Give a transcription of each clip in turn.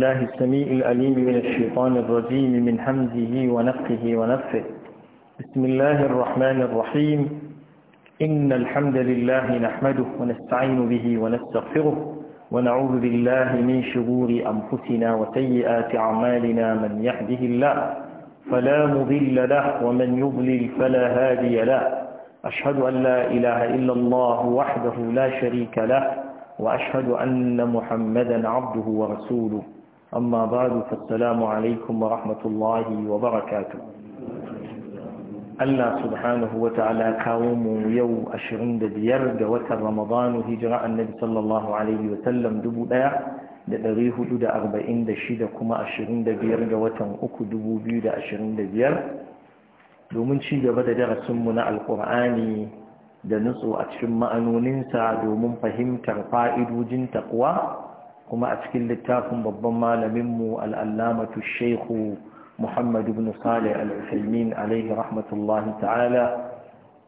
الله السميع الأليم من الشيطان الرجيم من حمزه ونفقه ونفه بسم الله الرحمن الرحيم إن الحمد لله نحمده ونستعين به ونستغفره ونعوذ بالله من شرور أنفسنا وسيئات أعمالنا من يهده الله فلا مضل له ومن يضلل فلا هادي له أشهد أن لا إله إلا الله وحده لا شريك له وأشهد أن محمدا عبده ورسوله أما بعد فالسلام عليكم ورحمة الله وبركاته Allah subhanahu wa ta'ala kawo mu yau ashirin da biyar ga watan Ramadanu hijira annabi sallallahu Alaihi wasallam dubu ɗaya da ɗari da arba'in da shida kuma ashirin da biyar ga watan uku dubu biyu da ashirin da biyar domin ci gaba da darasinmu na alkur'ani da nutso a cikin ma'anoninsa domin fahimtar fa'idojin takwa kuma a cikin littafin babban malaminmu al'allamatu shehu muhammadu bin salih al'usulmin alaihi rahmatullahi ta'ala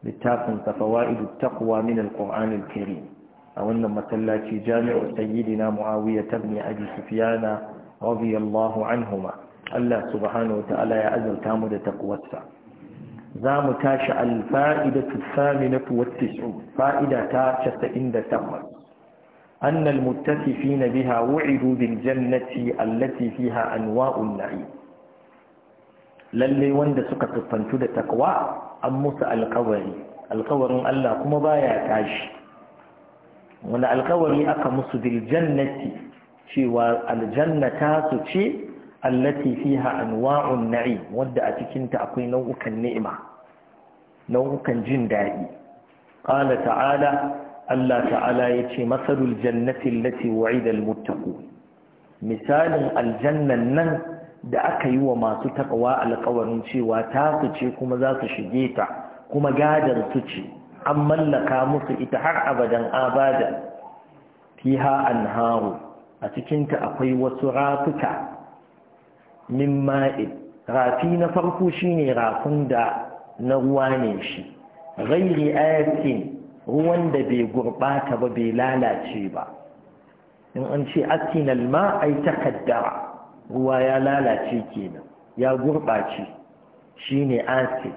littafin tafawa'idu taqwa min al-qur'an al-karim a wannan masallaci jami'u sayyidina muawiya tabni abi sufyana radiyallahu anhuma Allah subhanahu wa ta'ala ya azalta mu da taqwarsa za mu tashi al sami na wat tis'un fa'ida ta 98 أن المتسفين بها وعدوا بالجنة التي فيها أنواع النعيم للي وند سكة التنتود تقوى أمس القوري القوري ألا كما بايا تعيش ولا القوري أقمص بالجنة شوى الجنة تاسو شيء التي فيها أنواع النعيم ودأتك انت أقول نوعك النعمة نوعك الجندائي قال تعالى Allah ta'ala ya ce masalul jannatin lati wa'idal muttaqu misalin aljannan nan da aka yi wa masu taɓawa alƙawarin cewa ta su ce kuma za su shige ta kuma gadar su ce an mallaka musu ita har abadan abada fiha anharu a cikinta akwai wasu rafuka min ma'id rafi na farko shine rafin da na ruwa ne shi ghairi ayatin ruwan da bai gurɓata ba bai lalace ba in an ce atinal ma ai takaddara ruwa ya lalace kenan ya Shi shine asid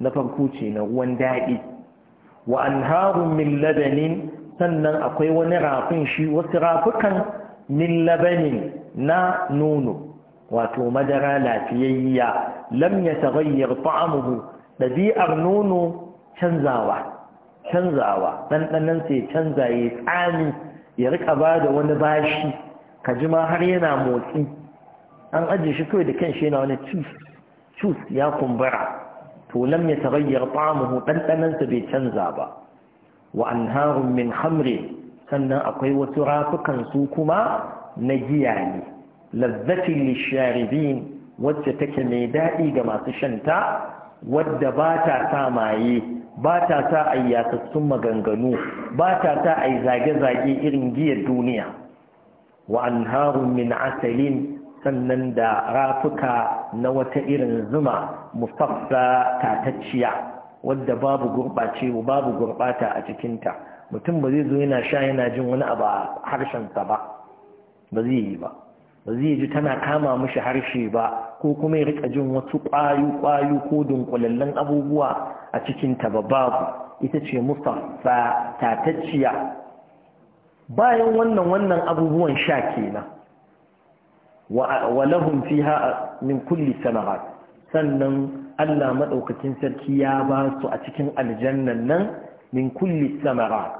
na farko ce na ruwan daɗi wa anharun min labanin sannan akwai wani rafin shi wasu rafukan min labanin na nono wato madara lafiyayya lam ya tagayyar ta'amuhu ɗabi'ar nono canzawa canzawa ɗanɗanan sai canza ya tsani ya rika ba da wani bashi ka ji ma har yana motsi an ajiye shi kawai da kan shi yana wani cus ya kumbura to lam ya tagayyar ta'amuhu ɗanɗanansa bai canza ba wa anharun min hamri sannan akwai wasu rafukan su kuma na giya ne lazzatin lisharibin wacce take mai daɗi ga masu shanta wadda ba ta sa maye ba ta sa a yi yasassun maganganu ba ta sa a yi zage-zage irin giyar duniya wa an min asalin sannan da rafuka na wata irin zuma ta tatacciya wadda babu gurɓacewa babu gurɓata a cikinta mutum ba zai zo yana sha yana jin wani abu a harshensa ba ba zai yi ba ba zai ji tana kama mushi harshe ba ko kuma ya rika jin wasu ƙwayu ƙwayu ko dunkulallen abubuwa a cikin ta ita ce mustafa tatacciya bayan wannan wannan abubuwan sha kenan wa lahum fiha min kulli sanara, sannan Allah madaukakin sarki ya ba su a cikin aljannan nan min kulli sanara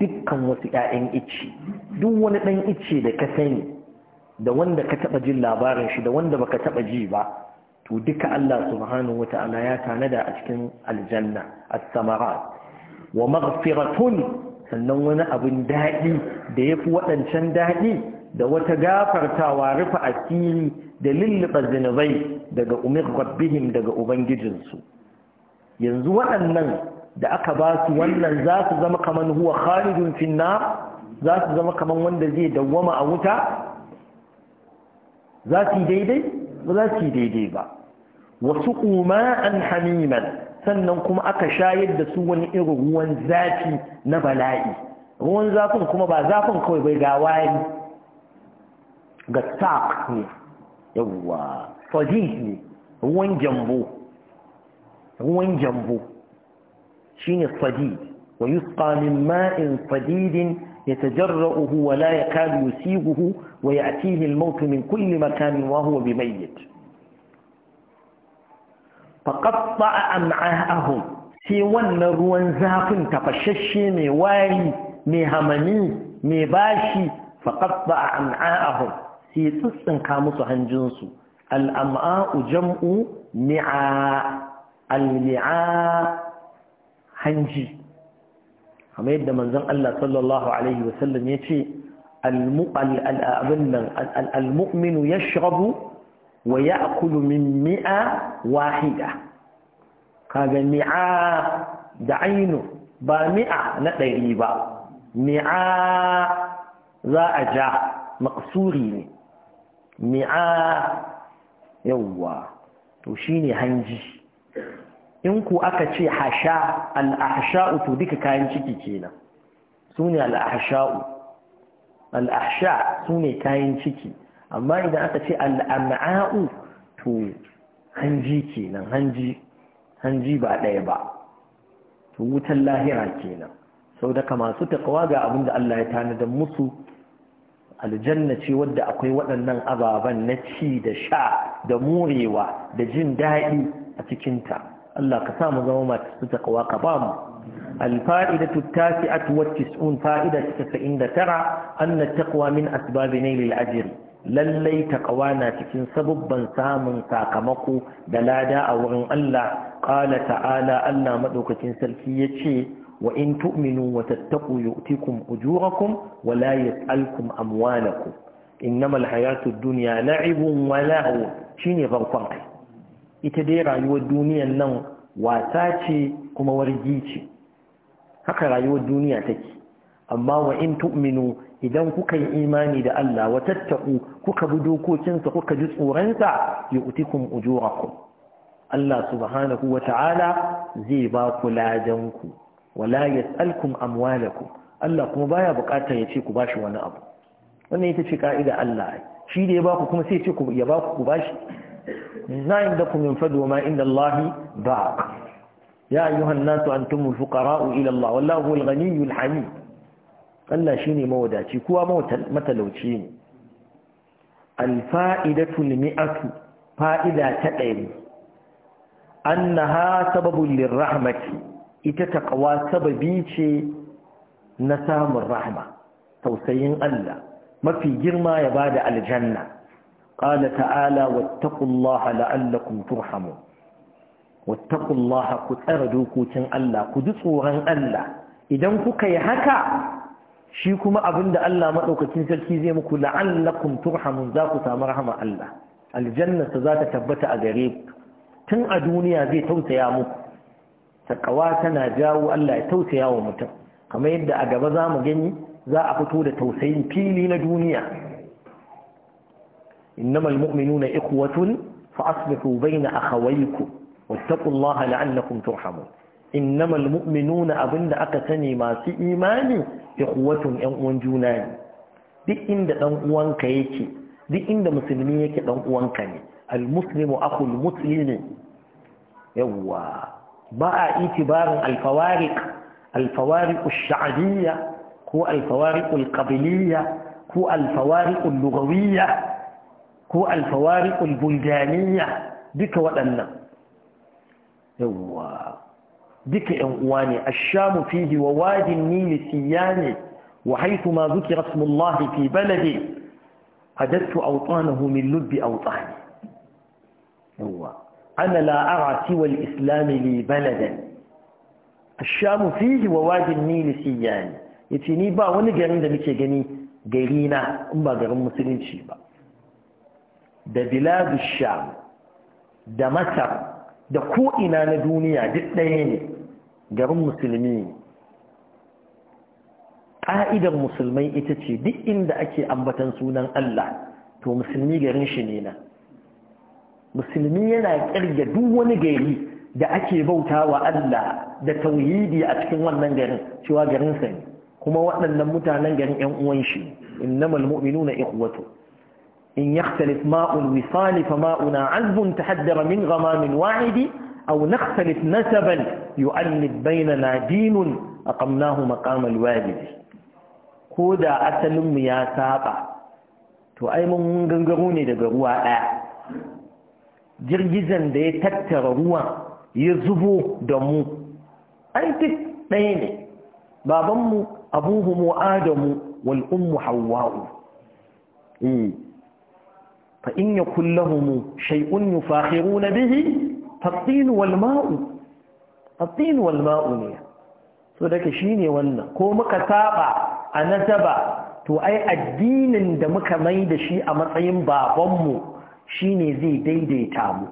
dukkan wasu 'ya'yan ice duk wani ɗan ice da ka sani da wanda ka taba jin labarin shi da wanda baka taba ji ba to duka Allah subhanahu wata'ala ya tanada a cikin aljanna as-samarat wa maghfiratun sannan wani abin daɗi da ya fi waɗancan daɗi da wata gafartawa rufe asiri da lulluɓa zinubai daga umar rabbihim daga ubangijinsu yanzu waɗannan da aka ba su wannan za su zama kaman huwa khalidun finna za su zama kaman wanda zai dawwama a wuta za su yi daidai ba za su daidai ba wasu kuma an hamiman sannan kuma aka shayar da su wani irin ruwan zafi na bala'i ruwan zafin kuma ba zafin kawai bai ga wayi ga sak ne yawwa fadih ne ruwan jambo ruwan jambo shine fadid wa yusqa min ma'in fadidin يتجرؤه ولا يكاد يسيغه ويأتيه الموت من كل مكان وهو بميت فقطع أمعاءهم sai wannan ruwan zafin tafashashe mai wari mai hamani mai bashi faƙaɓa a am'a'ahun sai tsitsinka musu hanjinsu al'am'a'u jam'u ni'a hanji kamar yadda manzon Allah sallallahu alaihi wasallam ya ce al-mu'minu yashrabu wa ya'kulu min mi'a wahida kaga mi'a da ainu ba mi'a na ɗari ba mi'a za a ja maksuri ne mi'a yawwa to shine hanji in ku aka ce hasha al'ahsha'u to duka kayan ciki kenan su ne al'ahsha'u al'ahsha su ne kayan ciki amma idan aka ce al'am'a'u to hanji kenan hanji hanji ba ɗaya ba to wutan lahira kenan sau daga masu taƙawa ga abin da Allah ya tanadar musu aljanna ce wadda akwai waɗannan ababen na ci da sha da morewa da jin daɗi a cikinta Allah ka sa zama masu takawa ka ba mu الفائدة التاسعة والتسعون da تسعين ترى أن التقوى من أسباب نيل الأجر lallai takawana cikin sabubban samun sakamako da lada a wurin Allah qala ta'ala Allah madaukakin sarki yace wa in tu'minu wa tattaqu yu'tikum ujurakum wa la yas'alkum amwalakum innamal hayatud dunya la'ibun wa la'u shine farkon ita dai rayuwar duniyan nan wasa ce kuma wargi ce haka rayuwar duniya take amma wa in tu'minu idan kuka yi imani da Allah wa tattaku kuka bi dokokinsa kuka ji tsoronsa yu'tikum ujurakum Allah subhanahu wa ta'ala zai ba ku lajanku wala yas'alkum amwalakum Allah kuma baya bukatar ya ce ku bashi wani abu wannan ita ce ka'ida Allah shi da ya ba ku kuma sai ya ce ya ba ku bashi ما عندكم ينفد وما عند الله باق يا أيها الناس أنتم الفقراء إلى الله والله هو الغني الحميد Allah shi ne mawadaci kuwa matalauci ne alfa'idatul mi'atu fa'ida ta ɗari annaha sababun lirrahmati ita ta taqwa sababi ce na samun rahma tausayin Allah mafi girma ya bada aljanna قال تعالى واتقوا الله لعلكم ترحمون واتقوا الله كتردوا كتن الله كدسوا عن الله إذا كي هكا شيكما أبند الله ما أوكتن سلسيزي مكو لعلكم ترحمون ذاكو سامرحم الله الجنة ذات تبت أغريب تن أدوني هذه توسيا مكو تقواتنا جاو الله توسيا ومتن كما يبدأ أقبضا مجني ذا أفتو لتوسيين فيلي لدونيا innamal mu'minuna ikhwatun fa aslihu bayna akhawaykum wattaqullaha la'allakum turhamun innamal mu'minuna abinda aka sani masu imani ikhwatun yan uwan juna ne duk inda dan yake duk inda musulmi yake dan uwanka ne almuslimu akhul muslimi yawwa ba itibarin alfawariq alfawariq ash ko alfawariq al-qabiliyya ko alfawariq al-lughawiyya ko alfawariƙul bulganiya duka waɗannan yawa duka ɗan uwa ne ashamu fihi wa wadin nili siyani wa haythu ma zuki ismullah fi baladi hadattu awtanahu min lubbi autani yawa ana la la'ara siwal islami li baladan ashamu fihi wa wadin nili siyani yace ni ba wani garin da muke gani garina in ba garin musulunci ba da biladu sham da masar da ko'ina na duniya duk ɗaya ne garin musulmi ƙa'idar musulmai ita ce duk inda ake ambatan sunan Allah to musulmi garin shi ne na musulmi yana ƙirga duk wani gari da ake bauta wa Allah da tauhidi a cikin wannan garin cewa garinsa ne kuma waɗannan mutanen garin ‘yan uwan shi innamal mu'minuna ikhwatu إن يختلف ماء الوصال فماؤنا عذب تحدر من غمام واعد أو نختلف نسبا يؤلف بيننا دين أقمناه مقام الوالد كودا أ س يا ساقا تؤمن غنغروني د ر و ا ء جرجزا دي تكتر ر يزبو دمو أ ن ت اثنين بابا م أ ب و ه حواء fa in yakul lahum shay'un yufakhiruna bihi fatin wal ma'u fatin wal ma'u ne so dake wannan ko muka saba a nasaba to ai addinin da muka mai da shi a matsayin babanmu ne zai daidaita mu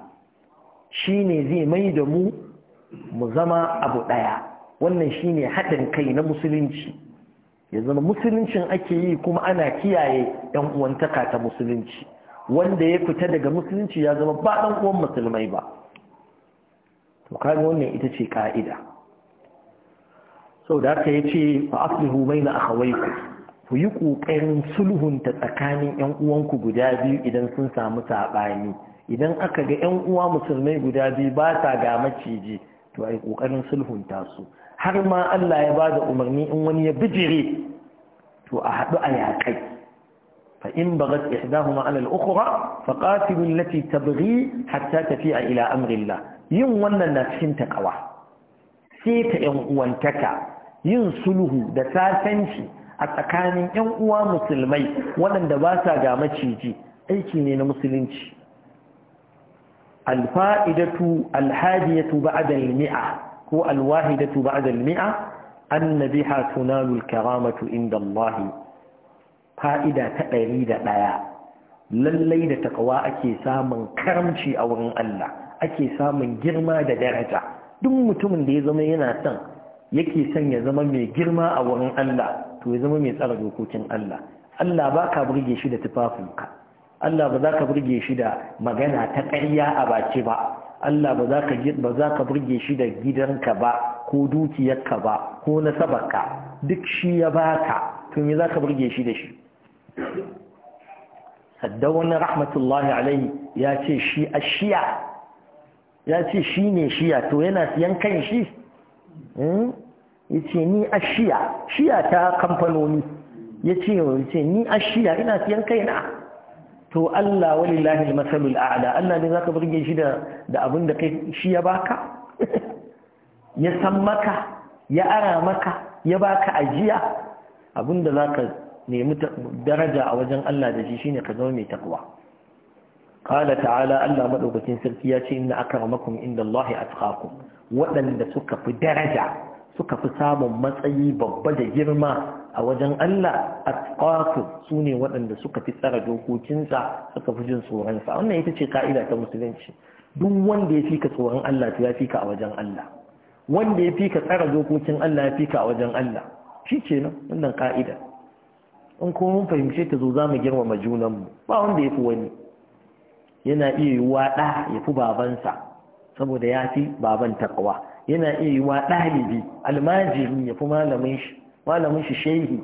ne zai mai da mu mu zama abu ɗaya. wannan shine haɗin kai na musulunci ya zama musuluncin ake yi kuma ana kiyaye yan uwantaka ta musulunci wanda ya fita daga musulunci ya zama ba ɗan uwan musulmai ba to kaga wannan ita ce ka'ida sau da aka yi ce fa aslihu bai na akawaiku ku yi ƙoƙarin sulhunta tsakanin 'yan uwanku guda biyu idan sun samu saɓani idan aka ga 'yan uwa musulmai guda biyu ba ta ga maciji to ai ƙoƙarin sulhunta su har ma Allah ya ba da umarni in wani ya bijire to a haɗu a yaƙai فإن بغت إحداهما على الأخرى فقاتل التي تبغي حتى تفيء ila أمر الله yin wannan na cikin takawa sai ta ‘yan uwantaka yin sulhu da sasanci a tsakanin ‘yan uwa musulmai waɗanda ba sa ga maciji aiki ne na musulunci alfa'idatu alhadiyatu ba'adal mi'a ko alwahidatu ba'adal mi'a annabiha tunalul karamatu inda Allahi fa'ida ta ɗari da ɗaya lallai da takawa ake samun karamci a wurin Allah ake samun girma da daraja duk mutumin da ya zama yana son yake son ya zama mai girma a wurin Allah to ya zama mai tsara dokokin Allah Allah ba ka burge shi da tufafinka Allah ba za ka burge shi da magana ta ƙarya a baki ba Allah ba za ka burge shi da gidanka ba ko dukiyarka ba ko nasabarka duk shi ya baka to me za ka burge shi da shi saddawani rahmatullahi alaihi ya ce shi a shiya ya ce shi ne shiya to yana siyan kan shi hmm? ya ce ni a shiya shiya ta kamfanoni ya ce ni a shiya ina siyan kai na to Allah wani da matsalul a'ada Allah ne za ka birge shi da abin da kai shi ya baka ya san maka ya ara maka ya baka ajiya abin da za ka nemi daraja a wajen Allah da shi shine ka zama mai takwa qala ta'ala Allah madaukakin sarki ya ce inna akramakum indallahi atqakum waɗanda suka fi daraja suka fi samun matsayi babba da girma a wajen Allah atqakum sune waɗanda suka fi tsara dokokinsa suka fi jin tsoronsa wannan ita ce ka'ida ta musulunci duk wanda ya fika tsoron Allah to ya fika a wajen Allah wanda ya fika tsara dokokin Allah ya fika a wajen Allah shi kenan wannan ka'ida in kuma mun fahimce ta zo za mu girmama junanmu ba wanda ya fi wani yana iya yi waɗa ya fi babansa saboda ya fi baban takawa yana iya yi ya ɗalibi almajiri ya fi malamin shi malamin shi shehi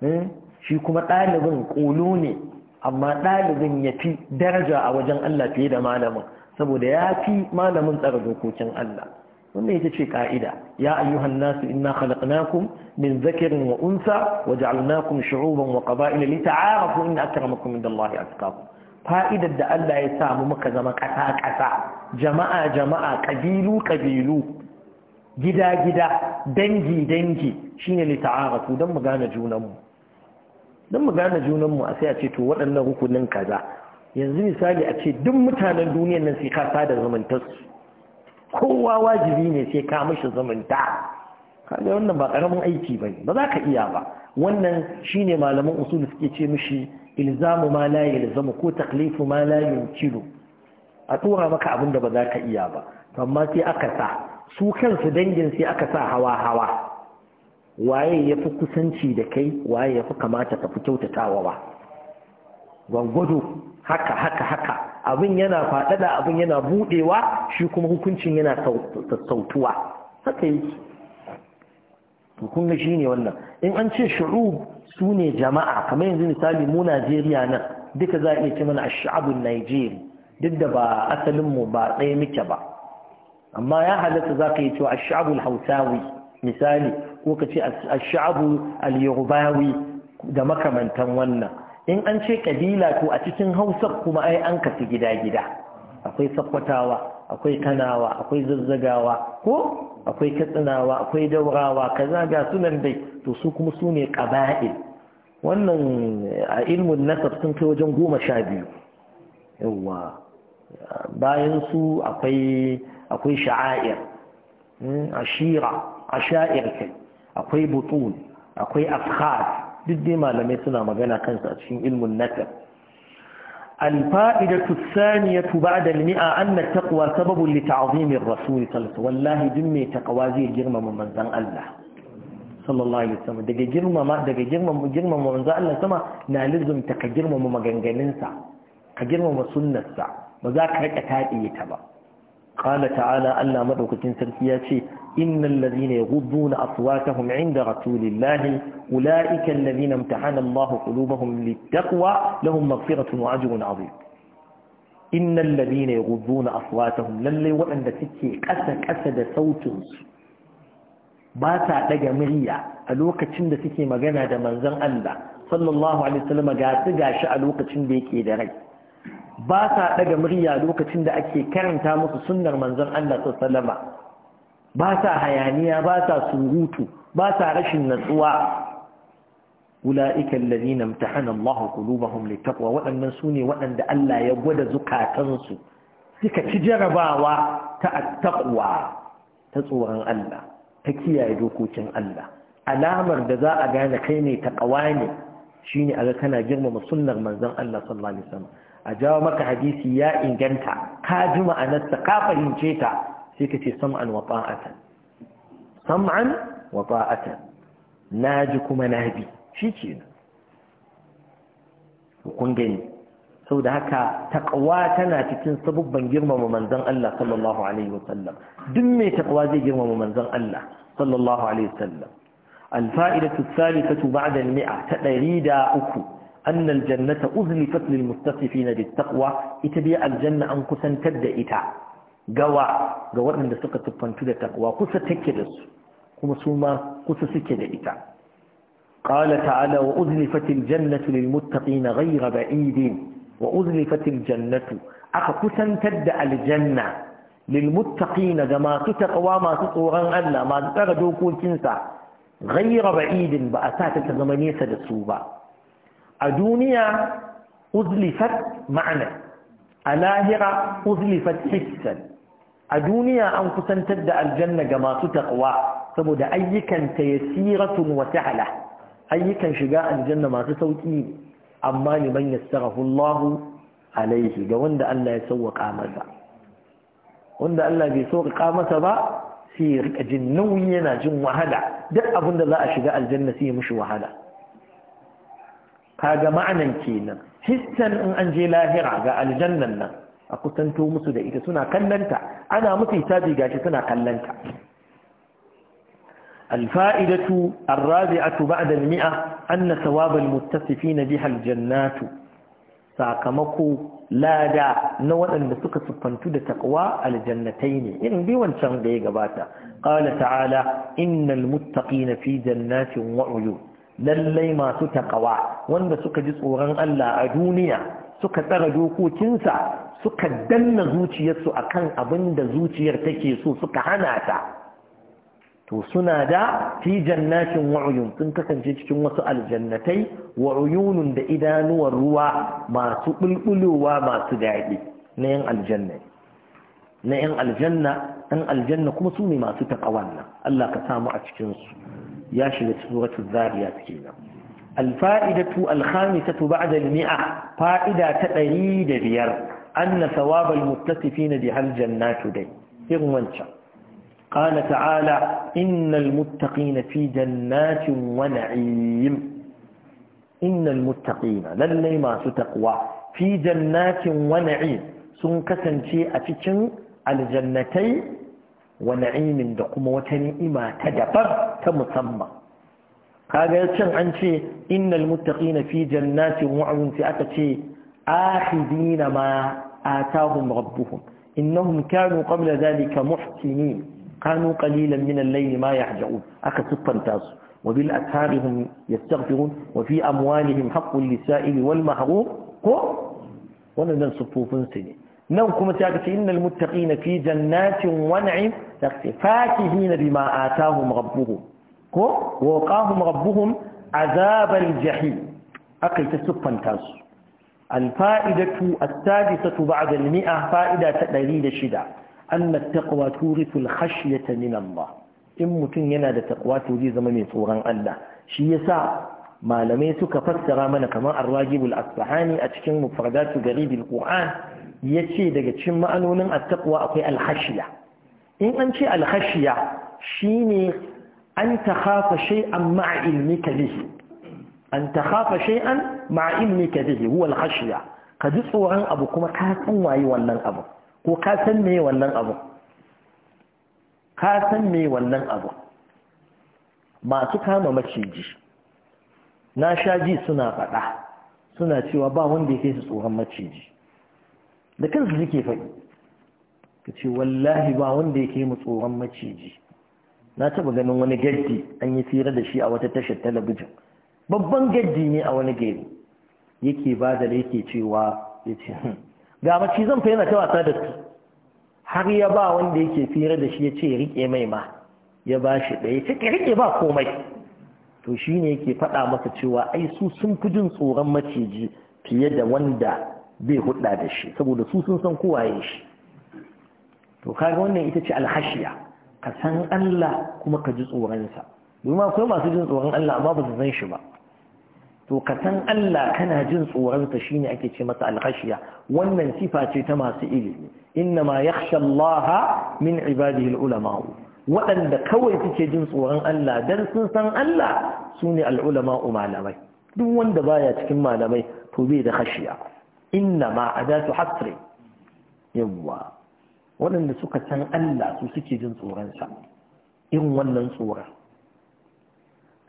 hmm? shi kuma ɗalibin ƙolo ne amma ɗalibin ya fi daraja a wajen Allah fiye da malamin saboda ya fi malamin tsara dokokin Allah wannan ita ce ka'ida ya ayyuhan nasu inna khalaqnakum min zakarin wa unsa wa ja'alnakum shu'uban wa qaba'ila li ta'arafu inna akramakum indallahi atqakum fa'idar da Allah ya mu muka zama kasa kasa jama'a jama'a kabilu kabilu gida gida dangi dangi shine li ta'arafu dan mu gane junan mu dan mu gane junan mu a sai a ce to waɗannan rukunin kaza yanzu misali a ce duk mutanen duniyar nan sai ka da zamantarsu kowa wajibi ne sai ka mishi zumunta kaga wannan ba karamin aiki bane ba za ka iya ba wannan shine malaman usul suke ce mishi ilzamu ma la yalzamu ko taklifu ma la yunkilu a tura maka abin da ba za ka iya ba amma sai aka sa su kansu dangin sai aka sa hawa hawa waye ya fi kusanci da kai waye ya fi kamata ka fi kyautatawa ba gwangwado haka haka haka abin yana faɗaɗa abin yana buɗewa shi kuma hukuncin yana sautuwa haka yi shi ne wannan in an ce shi'u su ne jama'a kamar yanzu misali mu najeriya nan duka za a iya ce mana ashabun najeri duk da ba asalinmu ba ɗaya muke ba amma ya halatta za ka yi cewa ashabul hausawi misali ko ka ce ashabu al-yorubawi da makamantan wannan in an ce kabila to a cikin hausa kuma ai an kasu gida-gida akwai sakwatawa akwai kanawa akwai zazzagawa ko akwai katsinawa akwai daurawa za ga sunan dai to su kuma su ne ƙaba'il wannan a ilmin nasar sun kai wajen goma sha biyu yawwa bayan su akwai akwai sha'air hmm, ashira ashair kai akwai butun, akwai afkhar duk dai malamai suna magana kansu a cikin ilmin nakar alfa'idar tussaniya tuba da limi'a an na takwa sababu lita rasu ne. salatu wallahi jin mai takawa zai girmama manzan Allah sallallahu alaihi sama daga girmama daga girmama manzan Allah sama na lizumta ka girmama maganganinsa ka girmama sunnarsa ba za ka rika taɗe ta ba ta'ala Allah الله sarki ya ce. إن الذين يغضون أصواتهم عند رسول الله أولئك الذين امتحن الله قلوبهم للتقوى لهم مغفرة وأجر عظيم إن الذين يغضون أصواتهم للي وأن تكي أسد أسد صوت باسع لقى مريع ألوك تشند تكي مغنى دمنزن ألا صلى الله عليه وسلم قاتل عشاء ألوك تشند يكي درج ba sa daga murya lokacin da ake karanta musu sunnar manzon Allah sallama ba sa hayaniya ba sa surutu ba sa rashin natsuwa ula'ika alladhina imtahana Allahu qulubahum littaqwa waɗannan sune waɗanda Allah ya gwada zukatansu suka ci jarabawa ta attaqwa ta tsoron Allah ta kiyaye dokokin Allah alamar da za a gane kai ne taqwa ne shine aga kana girmama sunnar manzon Allah sallallahu alaihi wasallam a jawo maka hadisi ya inganta ka ji ma'anarsa ka fahimce ta sai ka ce sam'an wa ta'atan sam'an wa ta'atan naji kuma nabi shi ce kun gani sau da haka taƙawa tana cikin sabubban girmama manzan Allah sallallahu Alaihi wasallam duk mai taƙawa zai girmama manzan Allah sallallahu Alaihi wasallam alfa'idatu salisatu ba'da mi'a ta ɗari da uku annal jannata uzlifat lil mustasifi na bittaqwa ita dai aljanna an kusantar da ita gawa ga waɗanda suka tuffantu da kusa take da kuma suma kusa suke da ita ƙala ta'ala wa uzlifatil jannatu lil muttaqina ghayra ba'idin wa uzlifatil jannatu aka kusantar da aljanna lil muttaqina ga masu takwa masu tsoron Allah masu tsara dokokin sa ghayra ba a sa ta ta zama nesa da ba a duniya uzlifat ma'ana a lahira uzlifat hissan a duniya an kusantar da aljanna ga masu taqwa saboda ayyukanta ya yasiratun wa ta'ala ayyukan shiga aljanna masu sauki amma liman ban Allahu alaihi ga wanda Allah ya sauƙa masa wanda Allah bai sauƙa masa ba sai ya rika jin nauyi yana jin wahala duk abin da za a shiga aljanna sai ya mishi wahala kaga ma'anan kenan hissan in an je lahira ga aljannan nan a kusanto musu da ita suna kallanta ana musu caji gashi suna kallanta alfa'idatu arrazi'atu ba'da al-mi'a anna thawaba al-muttasifina biha al-jannatu sakamako lada na waɗanda suka sufantu da taqwa aljannatai ne in bi wancan da ya gabata qala ta'ala innal muttaqina fi jannatin wa lallai masu taqwa wanda suka ji tsoron Allah a duniya suka tsara dokokinsa suka danna zuciyarsu kan abin da zuciyar take so suka hana ta to suna da fi nashin wa'uyun sun kasance cikin wasu aljannatai wa'uyunun da idanuwar ruwa masu bulbulowa masu daɗi na yan aljanna na yan aljanna ɗan aljanna kuma su ne masu taƙawan nan Allah ka samu a cikinsu ya shiga suratul zariyat kenan alfa'idatu alkhamisatu ba'da al-mi'a fa'ida ta ɗari da biyar أن ثواب المتصفين بها الجنات دي إغوانشا قال تعالى إن المتقين في جنات ونعيم إن المتقين للي ما ستقوى في جنات ونعيم سنكسن شيء أتكن الجنتي ونعيم دقم وتنئما تدبر كمسمى kaga can an ce innal muttaqina fi jannatin wa 'uyun sai aka ce آخذين ما آتاهم ربهم إنهم كانوا قبل ذلك محسنين كانوا قليلا من الليل ما يحجعون أكسطا تاسو وبالأسهار هم يستغفرون وفي أموالهم حق للسائل والمحروم ونذن صفوف سنين نوكم نعم، تاكت إن المتقين في جنات ونعم فاكهين بما آتاهم ربهم ووقاهم ربهم عذاب الجحيم أقل تسفا تاسو alfa’idatu a tsadi sato ba a galmi fa’ida ta ɗari da shida annan taƙwa turiful hashiya ta ninan ba in mutum yana da taƙwa turi zama mai tsoron allah shi ya sa malamai suka fassara mana kamar arwajibul asbahani a cikin mufardatu gari bil ƙu'an ya ce daga cin ma'anonin attaƙwa akwai alhashiya in an ce alhashiya shine an ta kafa shai amma a ilmi ka an ta khafa shay'an ma'a ilmika bihi huwa al-khashya ka ji tsoron abu kuma ka san waye wannan abu ko ka san me wannan abu ka san me wannan abu masu kama maciji na sha ji suna faɗa suna cewa ba wanda ya kai su tsoron maciji da kansu suke faɗi ka ce wallahi ba wanda ya kai mu tsoron maciji na taɓa ganin wani gaddi an yi tsira da shi a wata tashar talabijin babban gaddi ne a wani gari yake ba da yake cewa ya ce hmm, ga mace zan fahimta ta wasa da su har ya ba wanda yake fira da shi ya ce rike mai ma ya ba shi ɗaya ya ce rike ba komai to shi ne yake faɗa masa cewa ai su sun fi jin tsoron maciji fiye da wanda bai hudda da shi saboda su sun san kowaye shi to kaga wannan ita ce alhashiya ka san Allah kuma ka ji tsoronsa domin akwai masu jin tsoron Allah amma ba su san shi ba to ka san Allah kana jin tsoronsa shine ake ce masa alhashiya wannan sifa ce ta masu ilimi inna ma yakhsha Allah min ibadihi ulama'u waɗanda kawai suke jin tsoron Allah dan sun san Allah sune alulama'u malamai duk wanda baya cikin malamai to bai da khashiya inna ma datu hasri yawwa waɗanda suka san Allah su suke jin tsoronsa irin wannan tsoron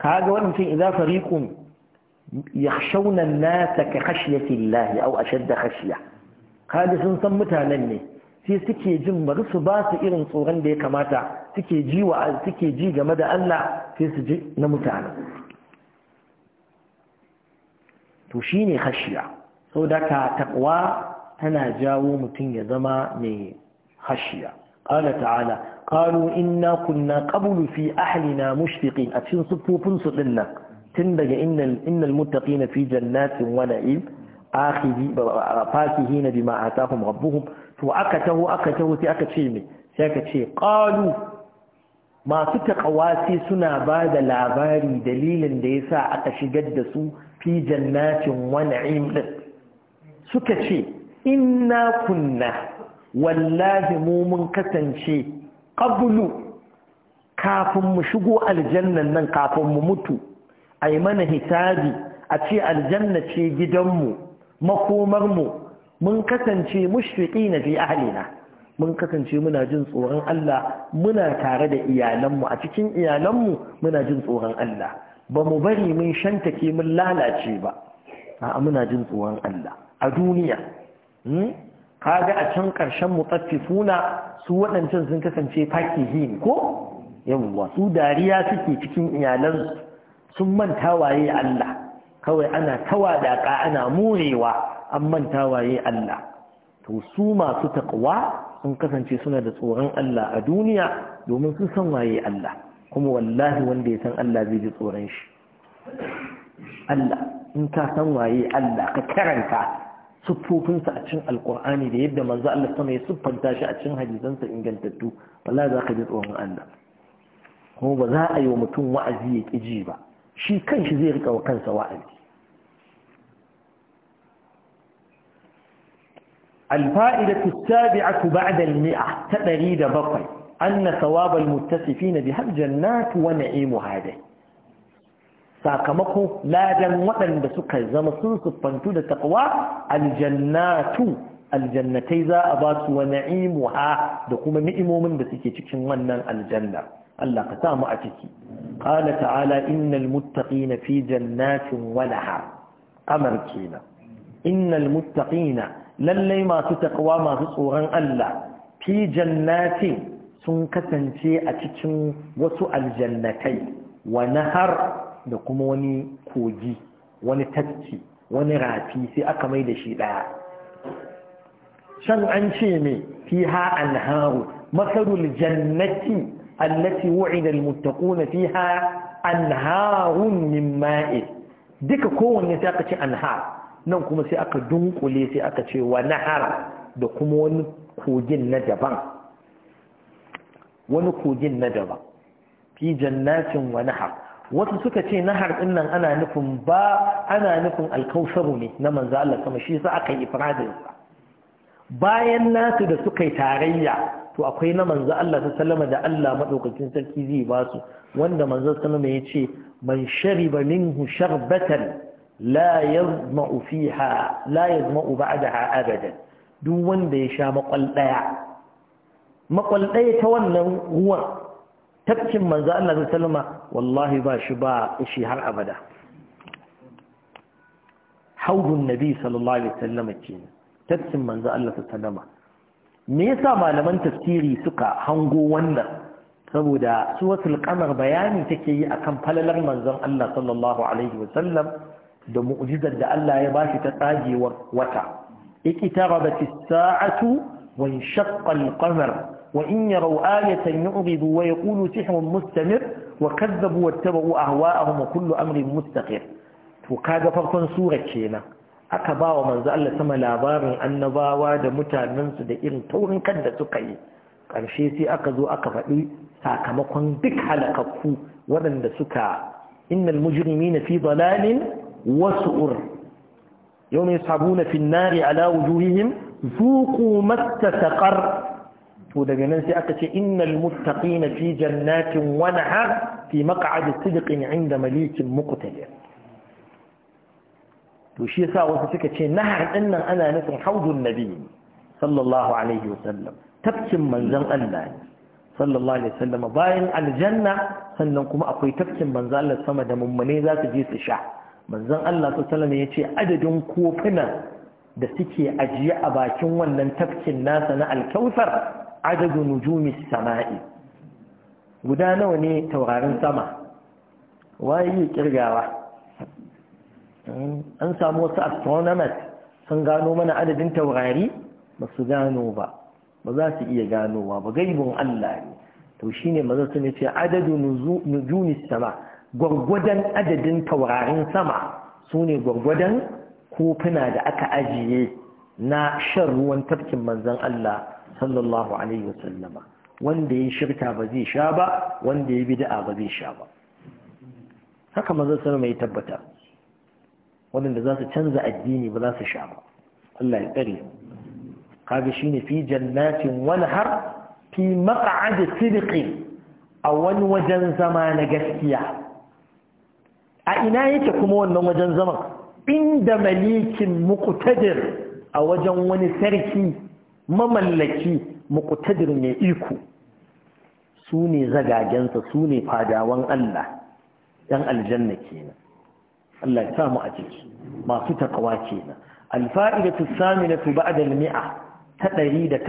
Ka ga cin idza fariqun يخشون الناس كخشية الله أو أشد خشية هذا سنصم متعلمني في سكي جمع رصبات إرن صوران دي كماتا سكي جي وعال سكي جي غمد ألا في سجي نمتعنا تشيني خشية سودك تقوى هنا جاو متن يزما من خشية قال تعالى قالوا إنا كنا قبل في أحلنا مشفقين أتشن صفو فنصد لنك tun daga innal muttaqina fi jannatin wa na'im akhidhi fakihina bima atahum rabbuhum to aka taho aka taho sai aka ce me sai aka ce qalu masu taqawa sai suna ba da labari dalilin da yasa aka shigar da su fi jannatin wa na'im din suka ce inna kunna wallahi mu mun kasance qablu kafin mu shigo aljannan nan kafin mu mutu a yi mana hitabi, a ce aljanna ce gidanmu makomarmu mun kasance mushriki na fi ahalina mun kasance muna jin tsoron Allah muna tare da iyalanmu a cikin iyalanmu muna jin tsoron Allah ba mu bari mun shantake mun lalace ba a muna jin tsoron Allah a duniya hmm? kaga a can ƙarshen mutaffifuna su waɗancan sun kasance fakihin ko yawwa su dariya suke cikin iyalansu sun manta waye Allah kawai ana tawadaka ana munewa an manta waye Allah to su masu taqwa sun kasance suna da tsoron Allah a duniya domin sun san waye Allah kuma wallahi wanda ya san Allah zai ji tsoron shi Allah in ka san waye Allah ka karanta siffofinsa a cikin alkur'ani da yadda manzo Allah sama ya siffanta shi a cikin hadisansa ingantattu wallahi za ka ji tsoron Allah kuma ba za a yi wa mutum wa'azi ya ƙiji ba shi kanshi zai rika wa kansa wa'azi الفائدة السابعة بعد المئة تدريد بقي أن ثواب المتسفين بها wa ونعيم hada sakamako ladan wadanda suka zama sun siffantu da taqwa aljannatu aljannatai za a ba su wa na'imuha da kuma ni'imomin da suke cikin wannan aljanna Allah ka samu a ciki qala ta'ala innal muttaqina fi jannatin wa nahar amar kenan innal muttaqina lallai masu taqwa masu tsoron Allah fi jannatin sun kasance a cikin wasu aljannatai wa nahar da kuma wani kogi wani tafki wani rafi sai aka mai da shi daya Shan an ce me fiha anharu masarul jannati allati wu'ida almuttaquna fiha anharun min duka kowanne sai aka ce anhar nan kuma sai aka dunkule sai aka ce wa da kuma wani kogin na daban wani kogin na daban fi jannatin wa nahar wasu suka ce nahar din nan ana nufin ba ana nufin alkausaru ne na manzo Allah kuma shi sa aka yi ifradin sa bayan nasu da suka yi tarayya to akwai na manzo Allah ta sallama da Allah madaukakin sarki zai ba su wanda manzo sallama ya ce man shariba minhu sharbatan la yazma'u fiha la yazma'u ba'daha abadan duk wanda ya sha makwal daya makwal daya ta wannan ruwan tafkin manzo Allah ta sallama wallahi ba shi ba shi har abada haudun nabi sallallahu alaihi wasallam kenan tafkin manzo Allah ta sallama me yasa malaman tafsiri suka hango wannan saboda suratul qamar bayani take yi akan falalar manzon Allah sallallahu alaihi wasallam da mu'jizar da Allah ya bashi ta tsagewar wata iqtarabat as-sa'atu wa inshaqqa al-qamar wa in yaraw ayatan yu'ridu wa yaqulu sihrun mustamir wa kadzabu wattabu ahwa'ahum wa kullu amrin mustaqir to kaga farkon sura kenan aka ba wa manzo Allah sama labarin annabawa da mutanensu da irin taurin kan da suka yi ƙarshe sai aka zo aka faɗi sakamakon duk halakakku waɗanda suka innal na fi dalalin wasu'ur yawma yasabuna fi an-nari ala wujuhihim zuqu mastasaqar to daga nan sai aka ce innal muttaqina fi jannatin wa nahar fi maq'adi sidqin 'inda malikin muqtadir to shi yasa wasu suka ce nahar din nan ana nufin haudun nabi sallallahu alaihi wasallam tafkin manzon Allah ne sallallahu alaihi wasallam bayan aljanna sannan kuma akwai tafkin manzon Allah sama da mummune za su je su sha manzon Allah sallallahu alaihi yace adadin kofuna da suke ajiye a bakin wannan tafkin nasa na alkausar adadu nujumi sama'i guda nawa ne taurarin sama waye kirgawa Eh, an samu wasu astronomers sun gano mana adadin taurari ba su gano ba ba za su iya ganowa ba gaibin Allah ne to shi ne maza ne ce adadin nujumis sama gwargwadon adadin taurarin sama su ne gwargwadon kofuna da aka ajiye na shan ruwan tafkin manzan Allah sallallahu alaihi wasallama wanda ya shirka ba zai sha ba wanda ya bid'a ba zai sha ba haka manzon sallallahu ya tabbatar waɗanda za su canza addini ba za su sha ba Allah ya tsare kaga shine fi jannatin wal har fi maq'ad sidqi a wani wajen zama na gaskiya a ina yake kuma wannan wajen zaman inda malikin muqtadir a wajen wani sarki mamallaki muqtadir mai iko su ne zagagensa su ne fadawan Allah ‘yan aljanna kenan Allah ya samu a ciki masu takawa ke nan alfa'idatu saminatu ba'da al-mi'a ta 108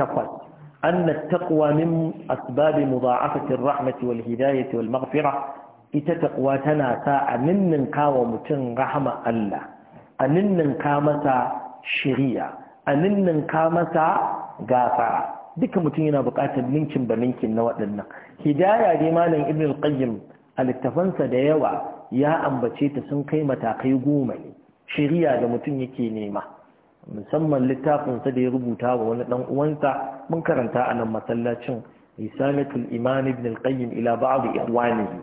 anna taqwa min asbab mudha'afati ar-rahmati wal-hidayati wal-maghfira ita taqwa tana sa aninnin kawo mutum rahama Allah aninnin ka masa shari'a aninnin ka masa gafara duka mutum yana buƙatar ninkin ba ninkin na waɗannan hidaya dai malam ibnu al-qayyim al-tafansa da yawa ya ambace ta sun kai matakai goma ne shari'a da mutum yake nema musamman littafinsa da ya rubuta wa wani dan uwansa mun karanta a nan masallacin risalatul imam ibn al-qayyim ila ba'd ikhwanihi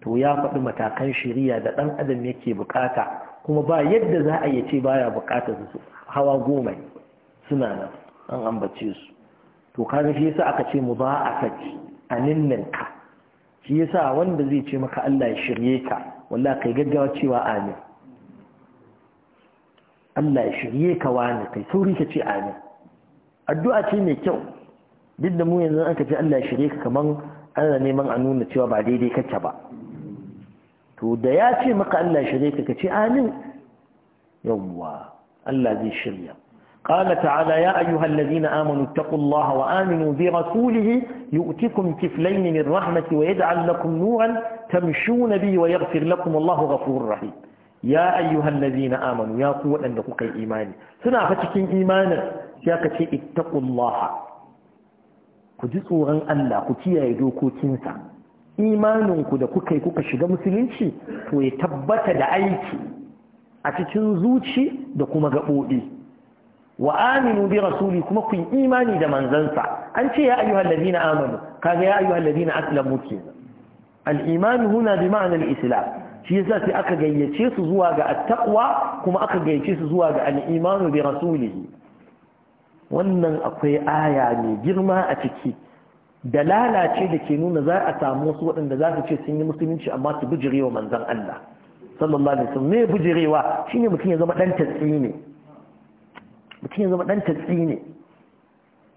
to ya faɗi matakan shari'a da dan adam yake bukata kuma ba yadda za a ce baya bukatar su hawa goma suna nan an ambace su to kaga shi yasa aka ce a aninnan ka shi yasa wanda zai ce maka Allah ya shirye ka ka kai gaggawa cewa amin Allah ya shirye ka wani kai sauri ka ce amin addu'a ce mai kyau duk da mu yanzu aka ce Allah ya shirye ka kaman ana neman a nuna cewa ba daidai kake ba to da ya ce maka Allah ya shirye ka ka ce amin yawwa Allah zai shirya قال تعالى يا أيها الذين آمنوا اتقوا الله وآمنوا برسوله يؤتكم كفلين من رحمة ويجعل لكم نورا تمشون به ويغفر لكم الله غفور رحيم يا أيها الذين آمنوا يا قوة أن دقوق الإيمان سنع فتكين إيمانا يا كتي اتقوا الله كجسوا عن الله كتيا يدوكو تنسى إيمان كدقوك يكوك شغى مسلمشي ويتبت دعيك أتتنزوشي دقوما قبولي wa aminu bi rasuli kuma kun imani da manzansa an ce ya ayyuhal ladina amanu kaga ya ayyuhal ladina aslamu kenan al iman huna bi al islam shi yasa sai aka gayyace su zuwa ga attaqwa kuma aka gayyace su zuwa ga al imanu bi rasulihi wannan akwai aya mai girma a ciki da lalace da ke nuna za a samu wasu waɗanda za su ce sun yi musulunci amma su bijirewa manzan Allah sallallahu alaihi wasallam me bijirewa shine mutum ya zama dan tatsini ne mutum ya zama ɗan tatsi ne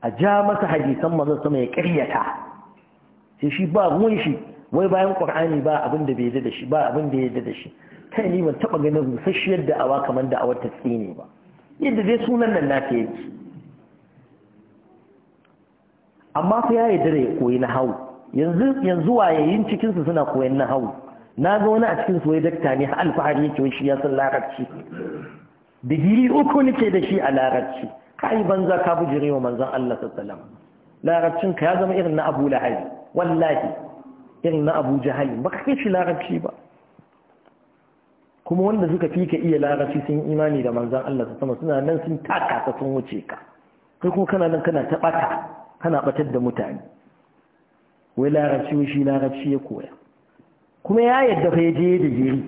a ja masa hadisan mazan sama ya ƙaryata sai shi ba ruwan shi wai bayan ƙur'ani ba abin da bai da shi ba abin da ya da shi kai ni ban taɓa ganin rusasshiyar awa kamar awar tatsi ne ba yadda zai sunan nan na ta yi amma fa ya yarda da ya koyi na hau yanzu yanzu wayayin cikinsu suna koyan na hau na ga wani a cikin wai dakta ne alfahari yake wai shi ya san larabci digiri uku nike da shi a larabci kai banza ka bujire wa manzon Allah sallallahu alaihi wasallam larabcin ka ya zama irin na Abu Lahab wallahi irin na Abu Jahal baka kai shi larabci ba kuma wanda suka fi ka iya larabci sun imani da manzon Allah sallallahu alaihi wasallam suna nan sun taka ka sun wuce ka kai kuma kana nan kana ta bata kana batar da mutane wai larabci shi larabci ya koya kuma ya yadda fa ya je da jiri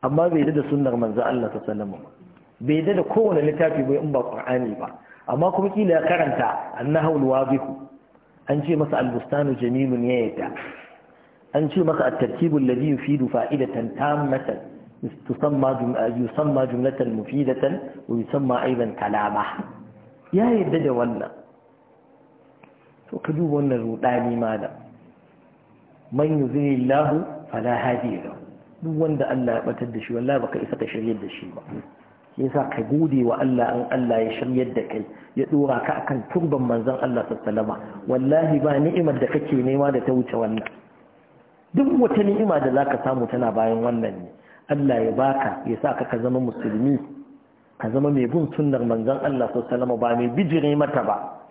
amma bai da sunnar manzo Allah sallallahu alaihi wasallam bai da kowane littafi bai in ba qur'ani ba amma kuma kila ya karanta annahu alwabihu an ce masa albustanu jamilun ya yadda an ce masa at-tartibul ladhi yufidu fa'idatan tammatan tusamma uh, yusamma jumlatan mufidatan wa yusamma aidan kalama ya yadda da wannan to ka duba wannan rudani malam man yuzillahu fala hadiya duk wanda Allah ya batar da shi wallahi baka isa ka shirye da shi ba yasa ka gode wa Allah an Allah ya shiryar da kai ya dora ka akan turban manzon Allah sallallahu wallahi ba ni'imar da kake nema da ta wuce wannan duk wata ni'ima da zaka samu tana bayan wannan ne Allah ya baka ya sa ka zama musulmi ka zama mai bin sunnar manzon Allah sallallahu ba mai bijire mata ba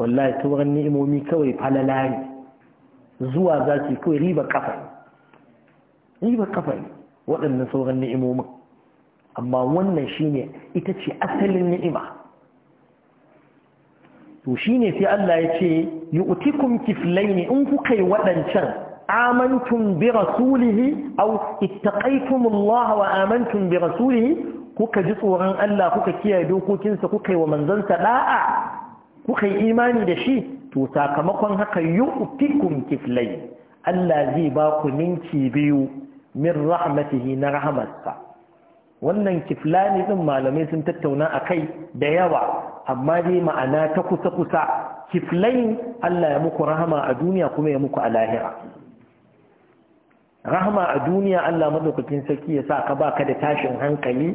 wallahi sauran ni'imomi kawai falala ne zuwa za su kawai riba kafa riba kafa waɗannan sauran ni'imomin amma wannan shine ita ce asalin ni'ima to shine sai Allah ya ce yu'tikum kiflaini in kuka yi wadancan amantum bi rasulihi aw ittaqaytum Allah wa amantum bi rasulihi kuka ji tsoron Allah kuka kiyaye dokokinsa kuka yi wa manzansa da'a kuka yi imani da shi to sakamakon haka yu'tikum kiflaini Allah zai ba ku ninki biyu min rahmatihi na rahmatsa wannan kiflani din malamai sun tattauna a kai da yawa amma dai ma'ana ta kusa-kusa kiflain Allah ya muku rahama a duniya kuma ya muku a lahira rahama a duniya Allah madaukakin sarki ya sa ka baka da tashin hankali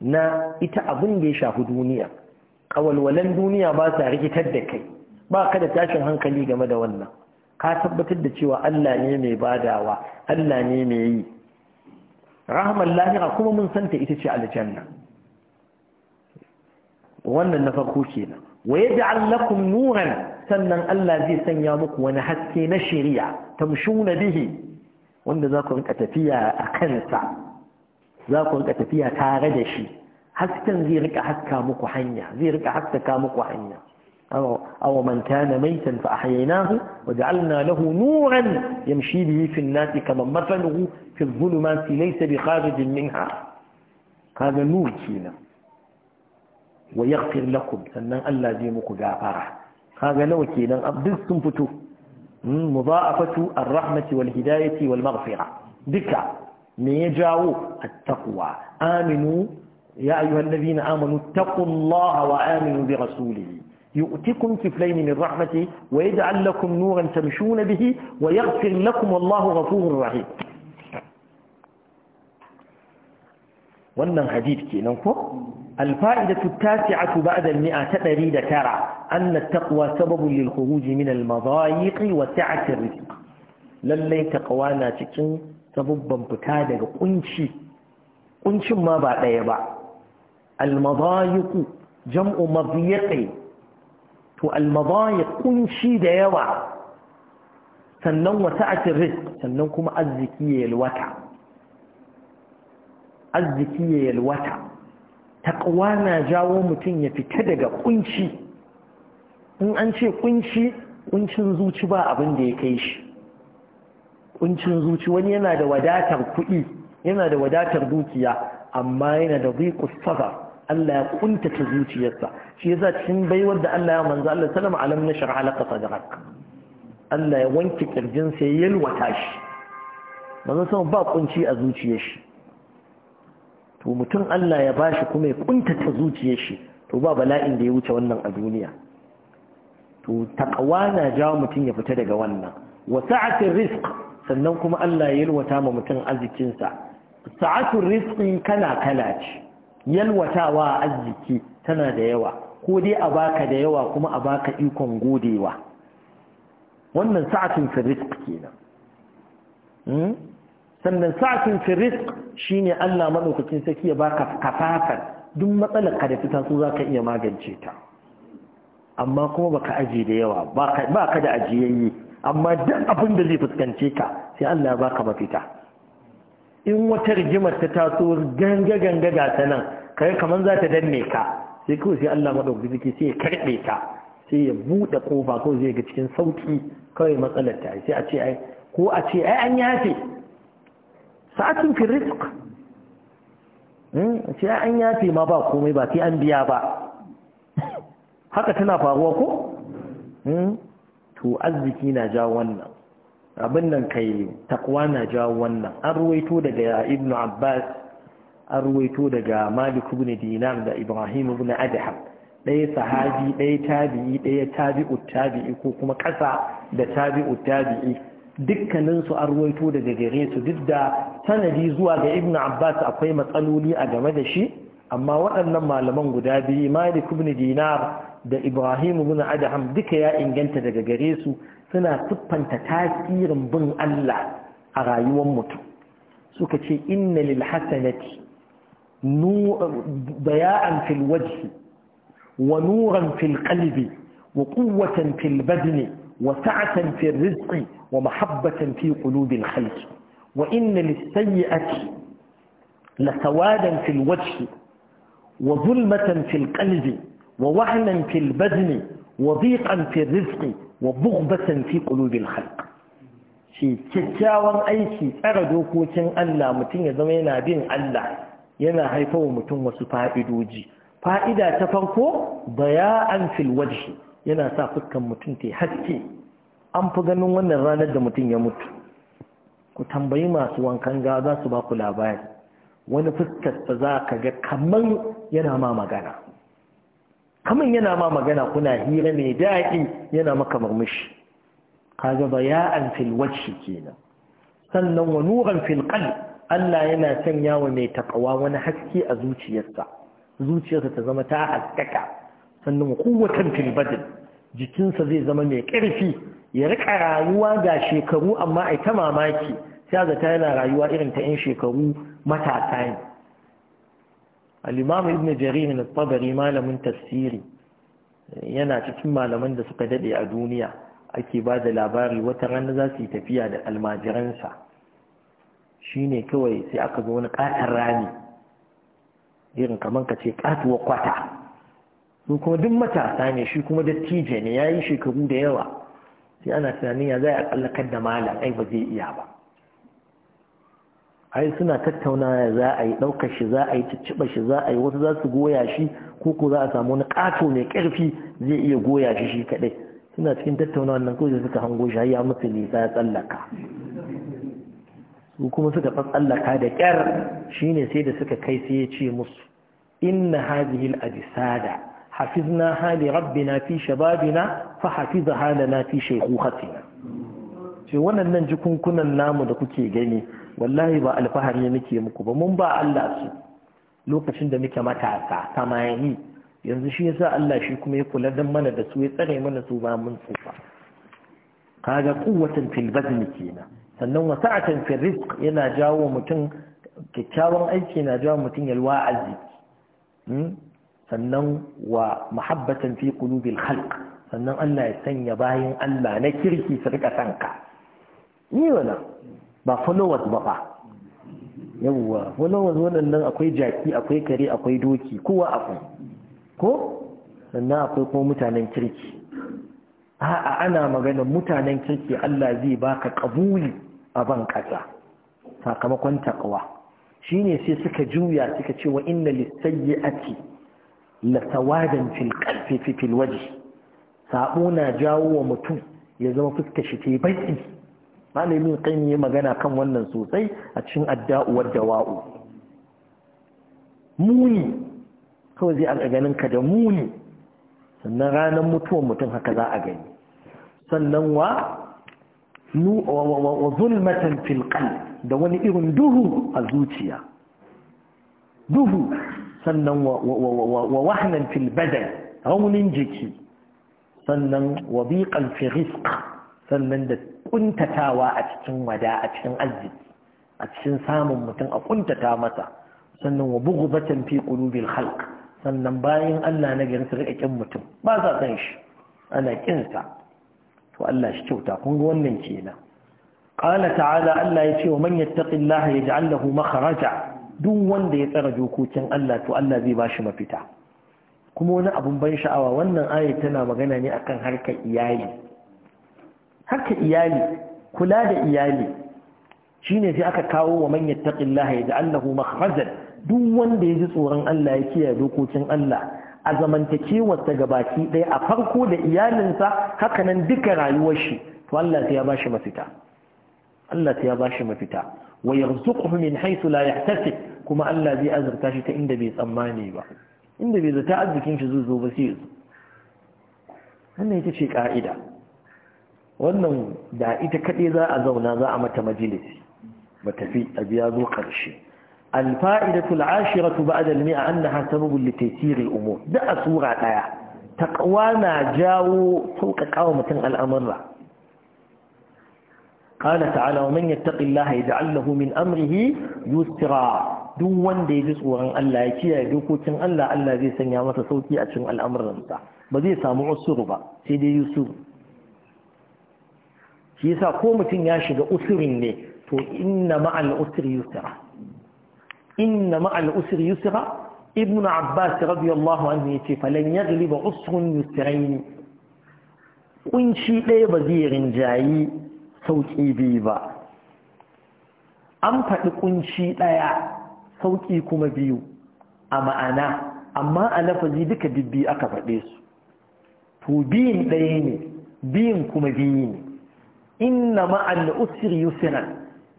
na ita abin da ya shafi duniya kawalwalan duniya ba sa rikitar da kai ba ka da tashin hankali game da wannan ka tabbatar da cewa Allah ne mai badawa Allah ne mai yi rahmar lahira kuma mun santa ita ce aljanna wannan na farko kenan wa yaj'al allakun nuran sannan Allah zai sanya muku wani haske na shari'a mushuna bihi wanda za ku rika tafiya a kansa za ku rika tafiya tare da shi hasken zai rika haska muku hanya zai rika haskaka muku hanya أو, أو من كان ميتا فأحييناه وجعلنا له نورا يمشي به في الناس كما مثله في الظلمات ليس بخارج منها هذا نور فينا ويغفر لكم أن ألا ديمك جعفرة هذا نور فينا أبدل سنفتو مضاعفة الرحمة والهداية والمغفرة ذكر من يجاو التقوى آمنوا يا أيها الذين آمنوا اتقوا الله وآمنوا برسوله يؤتكم كفلين من رحمته ويجعل لكم نورا تمشون به ويغفر لكم والله غفور رحيم wannan hadith kenan ko alfa'idatu tasi'atu ba'da al-mi'a ta 109 anna at-taqwa sababun lil khuruj min al-madayiq wa sa'ati ar-rizq lalle taqwa na cikin sababban fita daga kunci kuncin ma ba daya ba al-madayiq jam'u madiyiq to ya kunshi da yawa sannan wata ake sannan kuma arziki ya yalwata arziki ya yalwata taƙawa na jawo mutum ya fita daga kunshi in an ce kunshi kuncin zuci ba abin da ya kai shi kuncin zuci wani yana da wadatar kuɗi yana da wadatar dukiya amma yana da zai kusurra Allah ya kuntata zuciyarsa shi yasa cikin baiwar da Allah ya manzo Allah sallama alam na shar'a laka sadrak Allah ya wanke kirjin sa ya yalwata shi manzo sama ba kunci a zuciyar shi to mutum Allah ya bashi kuma ya kuntata zuciyar shi to ba bala'in da ya wuce wannan a duniya to taqwa na jawo mutum ya fita daga wannan wa sa'atir rizq sannan kuma Allah ya yalwata ma mutum arzikin sa sa'atul rizqi kana kala ce yalwatawa a arziki tana da yawa ko dai a baka da yawa kuma a baka ikon godewa wannan sa'atin firisk kenan hmm? sannan sa'atin firisk shine Allah madaukakin saki ya baka kafafar duk matsalar ka da fita za zaka iya magance ta amma kuma baka aje da yawa baka baka da ajiyayye amma duk abin da zai fuskance ka sai Allah ya baka mafita in wata rigimar ta taso ganga ganga ga ta nan kai kamar za ta danne ka sai kawai sai Allah madaukaki zai sai ya karbe ka sai ya bude kofa ko zai ga cikin sauki kawai matsalar ta sai a ce ai ko a ce ai an yafe sa'atun fi rizq hmm, ce an yafe ma ba komai ba sai an biya ba haka tana faruwa ko hmm, to arziki na jawo wannan abin nan kai takwa na jawo wannan an ruwaito daga ibnu abbas an ruwaito daga malik ibn dinar da ibrahim ibn adham ɗaya sahabi ɗaya tabi'i ɗaya tabi'u tabi'i ko kuma ƙasa da tabi'u tabi'i dukkanin su an ruwaito daga gare su duk da sanadi zuwa ga ibnu abbas akwai matsaloli a game da shi amma waɗannan malaman guda biyu malik ibn dinar da ibrahim ibn adham duka ya inganta daga gare su suna siffanta tasirin bin Allah a rayuwar mutum suka ce inna lil hasanati baya'an fil wajhi wa nuran fil qalbi wa quwwatan fil badni wa sa'atan fil rizqi wa mahabbatan fi qulubil khalqi wa inna lis sayyi'ati لسوادا في الوجه وظلمة في القلب ووهنا في البدن وضيقا في الرزق wa bughbatan fi qulubil khalq shi kyakkyawan aiki tsara dokokin Allah mutum ya zama yana bin Allah yana haifar wa mutum wasu fa'idoji fa'ida ta farko baya fil yana sa fuskan mutum ta haske an fi ganin wannan ranar da mutum ya mutu ku tambayi masu wankan gawa za su ba ku labari wani fuskar za ka ga kamar yana ma magana kaman yana ma magana kuna hira mai daɗi yana maka murmushi kaga ya fil wajhi kenan sannan wa nuran fil Allah yana sanya wa mai takawa wani haske a zuciyarsa zuciyarsa ta zama ta haskaka sannan kuwatan fil jikinsa zai zama mai ƙarfi ya rika rayuwa ga shekaru amma ai ta mamaki sai ta yana rayuwa irin ta 'yan shekaru matasa ne al ibnu ibn jarir tabari malamin tafsiri yana cikin malaman da suka dade a duniya ake ba da labari wata rana za su yi tafiya da almajiransa ne kawai sai aka zo wani katar rami irin kamar ka ce katuwa kwata su kuma duk matasa ne shi kuma dattijo ne ya yi shekaru da yawa sai ana tunanin ya za a tsallakar da malam ai ba zai iya ba ai suna tattauna za a yi ɗaukar shi za a yi cicciɓa shi za a yi wasu za su goya shi ko ko za a samu wani ƙato mai ƙarfi zai iya goya shi shi kaɗai suna cikin tattauna wannan kawai da suka hango shi ya musu nisa ya tsallaka su kuma suka tsallaka da ƙyar shine sai da suka kai sai ya ce musu inna hadhihi al-ajsada hafizna rabbi rabbina fi shababina fa hafizha lana fi shaykhatina ce wannan nan jikunkunan namu da kuke gani wallahi ba alfahari muke muku ba mun ba Allah su lokacin da muke matasa tamayani yanzu shi yasa Allah shi kuma ya kula dan mana da su ya tsare mana su ba mun tsufa kaga quwwatan fil badni kenan sannan wasa'atan fil rizq yana jawo mutum kyakkyawan aiki na jawo mutum yalwa arziki hmm? sannan wa mahabbatan fi qulubil khalq sannan Allah ya sanya bayan Allah na kirki su rika sanka ni wala ba followers ba ba yawwa followers waɗannan akwai jaki akwai kare akwai doki kowa akwai ko sannan akwai kuma mutanen kirki a'a ana magana mutanen kirki Allah zai baka kabuli a ban kasa sakamakon takwa shine sai suka juya suka ce wa inna lisayyi'ati la sawadan fil qalbi fil waji sabo na jawo wa mutum ya zama fuskar shi ta baki malamin mu yi magana kan wannan sosai a cikin adda'u dawa'u muni kawai zai a ganin ka da muni sannan ranar mutuwa mutum haka za a gani sannan wa zulmatan fil da wani irin duhu a zuciya duhu sannan wa wahnan fil raunin jiki sannan wa biqan fi sannan da kuntatawa a cikin wada a cikin arziki a cikin samun mutum a kuntata masa sannan wa bughbatan fi ƙulubin khalq sannan bayan Allah na gari su mutum ba sa san shi ana ƙinsa. to Allah shi kyauta kun ga wannan kenan qala ta'ala Allah ya ce wa man yattaqillaha yaj'al lahu makhraja duk wanda ya tsara dokokin Allah to Allah zai bashi mafita kuma wani abun ban sha'awa wannan aya tana magana ne akan harkar iyali haka iyali kula da iyali shine sai aka kawo wa man yattaqillaha yaj'alhu makhrajan duk wanda ya ji tsoron Allah ya kiyaye dokokin Allah a zamantakewarsa gabaki ɗaya a farko da iyalinsa haka nan duka rayuwar shi to Allah sai ya bashi mafita Allah sai ya bashi mafita wa yarzuquhu min haythu la yahtasib kuma Allah zai azurta shi ta inda bai tsammani ba inda bai zata arzikin shi zuzo ba sai wannan ita ce ka'ida wannan da ita kaɗai za a zauna za a mata majalisi ba tafi abu ya zo ƙarshe alfa'idatul ashiratu ba'da al-mi'a annaha sababun li taysir al-umur da a sura daya taqwa na jawo sauƙaƙawa mutum al'amura قال تعالى ومن يتق الله يجعل له من amrihi! Yusra, duk wanda ya ji tsoron Allah ya kiyaye dokokin Allah Allah zai sanya masa sauki a cikin al'amuransa ba zai samu usuru ba sai dai yusuf shi yasa ko mutum ya shiga usurin ne to inna ma'al usri yusra inna ma'al usri yusra ibn abbas radiyallahu anhu yace falan yaghliba usrun yusrayn Ƙunci ɗaya ba zai rinjayi sauƙi biyu ba an faɗi kunci ɗaya sauƙi kuma biyu a ma'ana amma a lafazi duka bibbi aka faɗe su to biyun ɗaya ne biyun kuma biyu ne إن مع الأسر يسرا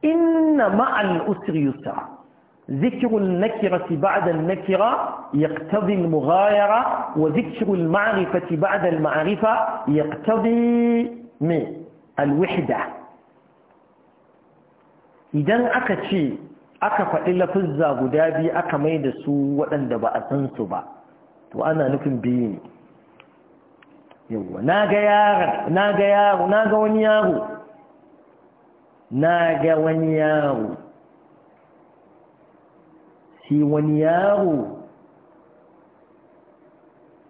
إن مع الأسر يسرا ذكر النكرة بعد النكرة يقتضي المغايرة وذكر المعرفة بعد المعرفة يقتضي من الوحدة إذن أكتشي أكفى إلا فزا غدابي أكميد سوء وأندبأ تنصبا وأنا نكن بيني yawwa na ga yaro na ga yaro na ga wani yaro na ga wani yaro shi wani yaro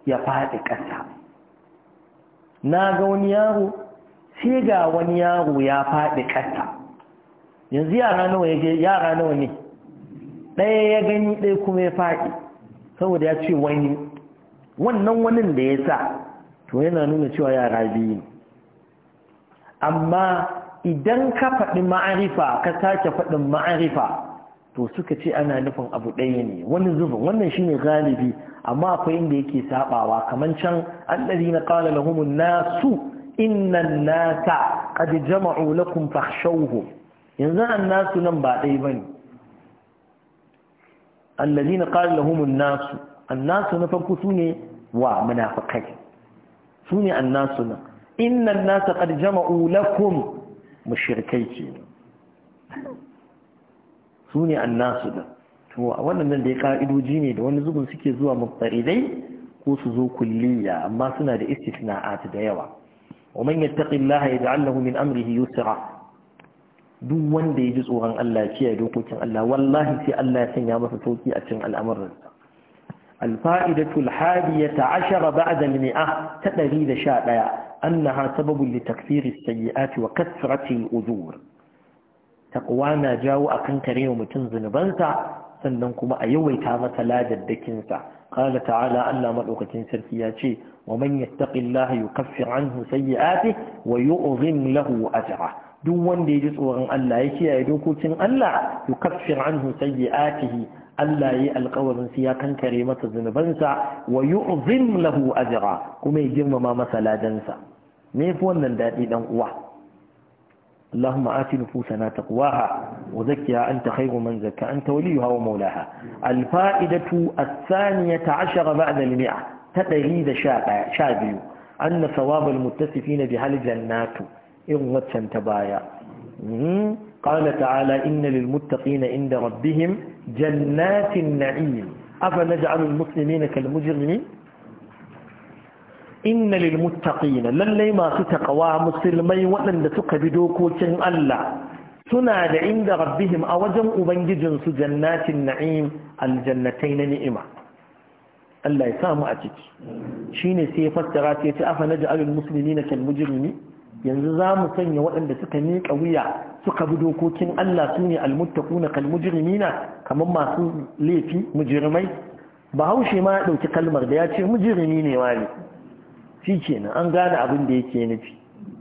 ya faɗi ƙasa na ga wani yaro sai ga wani yaro ya faɗi ƙasa yanzu yara nawa yara nawa ne ɗaya ya gani ɗaya kuma ya faɗi saboda ya ce wani wannan wani da ya sa to yana nuna cewa yara biyu ne amma idan ka faɗi ma'arifa ka sake faɗin ma'arifa to suka ce ana nufin abu ɗaya ne wani zubin wannan shine galibi amma akwai inda yake sabawa kamar can alladhina qala lahumun nasu innan nasa qad jama'u lakum fakhshawhum yanzu an nasu nan ba ɗaya bane alladhina qala lahumun nasu annasu na farko sune wa munafiqai su ne annasu na, innan nasa qad jama'u lakum ce su ne annasu da to wannan da ya ƙa'idoji ne da wani zubin suke zuwa mubtaridai ko su zo kulliya amma suna da istisna'at da yawa wa man yattaqillaha yaj'al min amrihi yusra duk wanda ya ji tsoron Allah ya kiyaye dokokin Allah wallahi sai Allah ya sanya masa sauki a cikin al'amuransa alfa’idatul hadiya ta ashara ba a zamani a ta ɗari da sha ɗaya an na ha sababin litafiris sayi'ati wa katsiratin uzuwar taƙuwa na jawo a kankare wa mutum zunubansa sannan kuma a yawaita masa ladaddakinsa ƙala ta'ala allah maɗaukakin sarki ya ce wa man yattaƙin lahi ya kafi an su sayi'ati wa yi ozin lahu a jira duk wanda ya ji tsoron allah ya kiyaye dokokin allah ya kafi an su sayi'atihi Allah yi alƙawarin sai ya kankare masa zunubansa wa yu'zim lahu ajra kuma ya girmama masa ladansa me fi wannan dan uwa اللهم آت نفوسنا تقواها وزكها أنت خير من زكى أنت وليها ومولاها الفائدة الثانية عشر بعد المئة تتغيد شابي أن ثواب المتسفين بها الجنات إغوة تبايا قال تعالى إن للمتقين عند ربهم جنات النعيم أفنجعل المسلمين كالمجرمين إن للمتقين للي ما تتقوى مسلمي ولن تقبدو كوتن الله سنة عند ربهم أوجم أبنججنس جنات النعيم الجنتين نئمة الله يسامو أتك شين سيفت راتية أفنجعل المسلمين كالمجرمين yanzu za mu sanya waɗanda suka miƙa wuya suka bi dokokin Allah su ne almuttaquna kal mujrimina kamar masu laifi mujrimai bahaushe ma ya ɗauki kalmar da ya ce mujrimi ne wani shi kenan an gane abin da yake nufi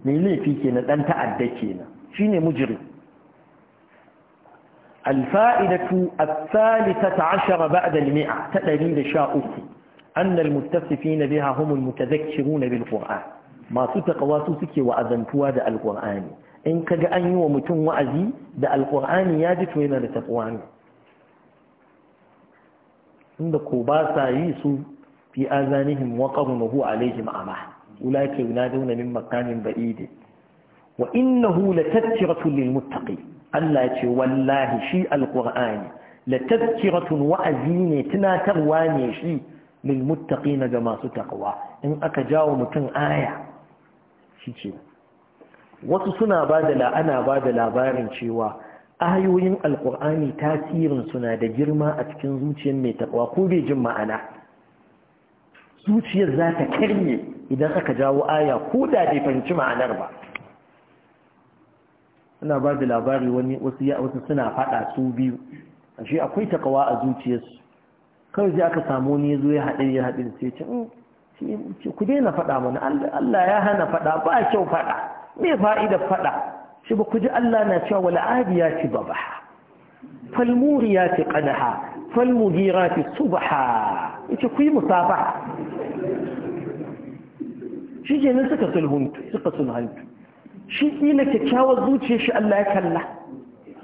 mai laifi kenan ɗan ta'adda kenan shi ne mujrim الفائدة الثالثة عشر بعد المئة تدليل شاء أن المتصفين بها هم المتذكرون بالقرآن masu taqwa su suke wa'azantuwa da alqur'ani in kaga an yi wa mutum wa'azi da alqur'ani ya ji to yana da taqwa ne inda ko ba sa yi su fi azanihim wa nuhu alaihim ama na yunaduna min ba, ba'id wa innahu latadhkiratun lil muttaqin Allah ce wallahi shi La latadhkiratun wa'azi ne tunatarwa ne shi lil na ga masu taƙawa. in aka jawo mutum aya shi ce wasu suna ba da ana ba da labarin cewa ayoyin alkur'ani tasirin suna da girma a cikin zuciyar mai taɓa ko bai jin ma'ana zuciyar za ta karye idan aka jawo aya ko da bai fahimci ma'anar ba ana ba da labari wani wasu ya wasu suna faɗa su biyu ashe akwai takawa a zuciyarsu kawai zai aka samu ne zo ya haɗe ya haɗe sai ce mm, ku daina faɗa mana Allah ya hana faɗa ba kyau faɗa me fa'ida faɗa shi ba ku ji Allah na cewa wal adiyati babaha fal muriyati qadaha fal mughirati subha yace ku yi musafaha shi ke nan suka sulhuntu suka sulhuntu shi kila kyakkyawar zuciyar shi Allah ya kalla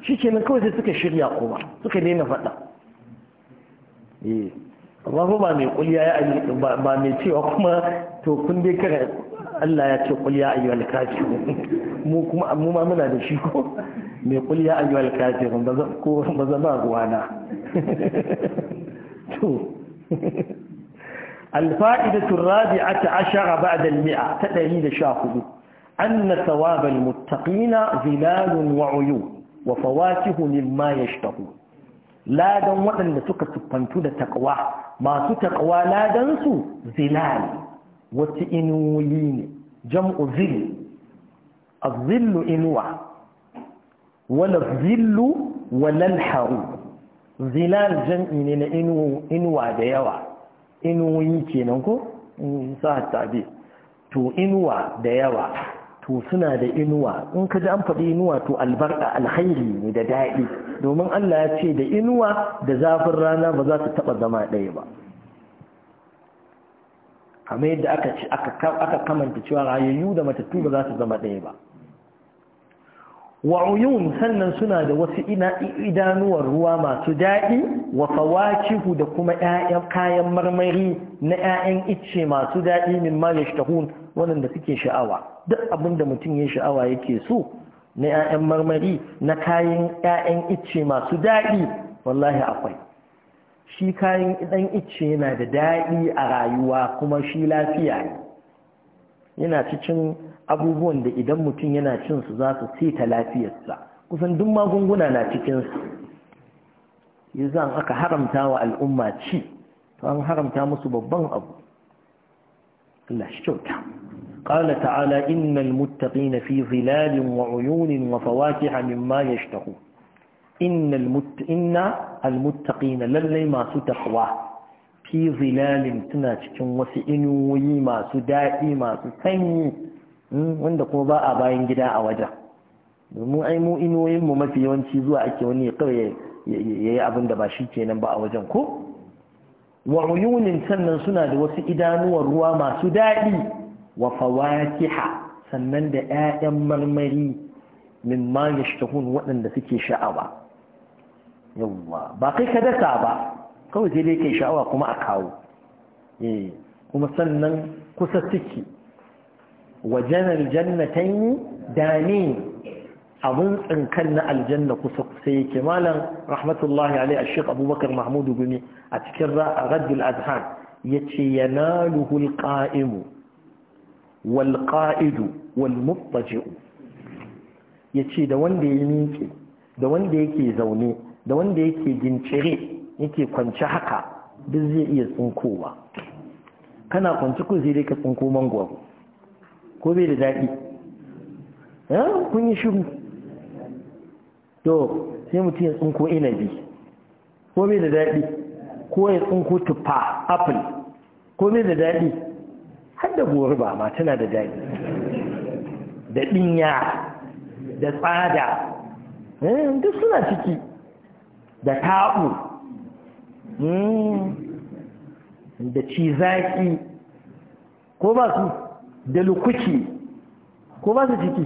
shi ke nan kawai sai suka shirya kuma suka daina faɗa eh amma ba mai kulya ya ayi ba mai cewa kuma to kun dai kare Allah ya ce kulya ayyuhal kafirun mu kuma mu ma muna da shi ko mai kulya ayyuhal kafirun ba ko ba za ba ruwana to al-fa'idatu 'ashara ba'da الفائدة الرابعة عشر بعد anna thawaba al-muttaqina zilalun wa 'uyun wa fawatihu mimma يشتهون ladan waɗanda suka siffantu da taƙwa masu taƙwa ladansu zilali wasu inuwoyi ne jam'u zil azillu inuwa wala zillu wala haru zilal jam'i ne na inuwa da yawa inuwoyi kenan ko in sa tabi to inuwa da yawa to suna da inuwa in ka ji an faɗi inuwa to albarka alkhairi ne da daɗi domin Allah ya ce da inuwa da zafin rana ba za su taɓa zama ɗaya ba kamar yadda aka aka kamanta cewa rayayyu da matattu ba za su zama ɗaya ba wa uyun sannan suna da wasu idanuwar ruwa masu daɗi wa fawakihu da kuma ƴaƴan kayan marmari na ƴaƴan icce masu daɗi min ma yashtahun da suke sha'awa duk abin da mutum ya sha'awa yake so na ƴaƴan marmari na kayan ƴaƴan icce masu daɗi wallahi akwai shi kayan ɗan icce yana da daɗi a rayuwa kuma shi lafiya yana cikin abubuwan da idan mutum yana cin su za su sita lafiyarsa kusan duk magunguna na cikin su yanzu an aka haramta wa al'umma ci to an haramta musu babban abu Allah shi kyauta قال تعالى إن المتقين في ظلال وعيون وفواكه مما يشتهون إن, المت... إن المتقين للي ما ستقوى في ظلال تناتك وسئنوي ما سدائي ما سسني Hmm, wanda kuma ba a bayan gida a wajen domin ai mu inoyin mu mafi yawanci zuwa ake wani kawai ya yi abin da ba shi kenan ba a wajen ko wa uyunin sannan suna da wasu idanuwar ruwa masu daɗi wa fawakiha sannan da 'ya'yan marmari min ma yashtahun waɗanda suke sha'awa yawwa ba kai ka dasa ba kawai sai dai kai sha'awa kuma a kawo eh kuma sannan kusa suke wajen aljannatan dani abun tsinkan na aljanna kusa kusa yake malam rahmatullahi alaihi ash abubakar mahmudu gumi a cikin raddul ya ce yanaluhu al-qa'im wal qa'id wal Ya ce da wanda ya miƙe da wanda yake zaune da wanda yake gincire yake kwance haka duk zai iya tsinkowa kana kwance ku sai dai ka tsinko mangwaro ko bai da daɗi kun yi shiru to sai mutum ya tsinko inabi ko bai da daɗi ko ya tsinko tuffa apple ko bai da daɗi har da ba ma tana da daɗi da ɗinya da tsada eh, duk suna ciki da ta'u hmm. da cizaki ko ba su da lukuki ko ba su ciki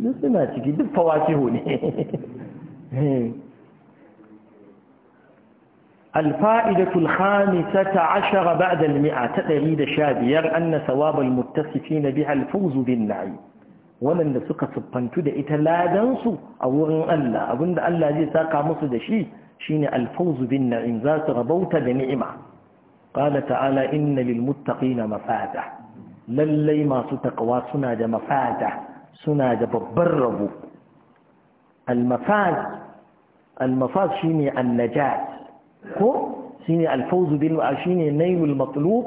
duk suna ciki duk fawa kiho ne alfa’idatul hamisa ta ashara ba da limi’a ta ɗari da sha biyar an na sawabal mutasifi na bi alfuzu bin layi waɗanda suka siffantu da ita ladansu a wurin Allah abinda Allah zai saka musu da shi shine alfuzu bin na’in za su rabauta da ni’ima ƙada ta’ala inna lil mutaƙi na mafada lallai masu taƙawa suna da mafada suna da babbar rabo al-mafaz al-mafaz shine an-najat ko shine al-fawz bil shine nailul matlub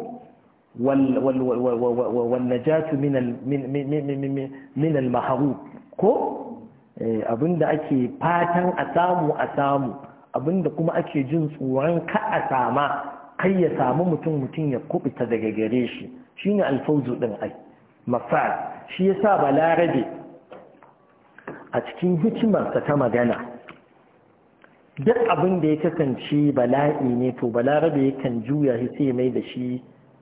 wal wal najat min al min al-mahbub ko eh, abinda ake fatan a samu a samu abinda kuma ake jin tsoron ka a sama kai ya samu mutum mutum ya kubuta daga gare shi ne alfauzu ɗin ai mafal shi ya yasa balarabe a cikin hikimarsa ta magana duk abin da ya kasance bala'i ne to balarabe kan juya shi sai mai da shi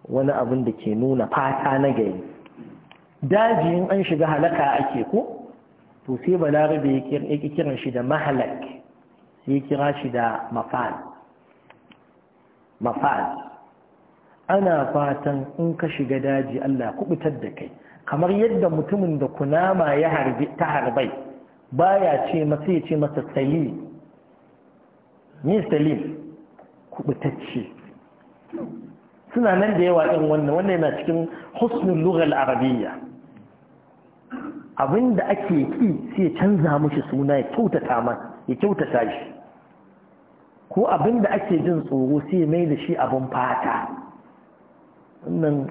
wani abin da ke nuna fata na gari daji in an shiga halaka ake ko to sai balarabe ya kiran shi da mahalak sai kira shi da mafal mafal ana fatan in ka shiga daji Allah kubutar da kai kamar yadda mutumin da kunama ya harbi ta harbai baya ce masa ce masa salim ni salim kubutacce suna nan da yawa irin wannan wannan yana cikin husnul lughal arabiyya abinda ake ki sai canza mushi suna ya kyautata man ya kyautata shi ko abinda ake jin tsoro sai mai da shi abin fata wannan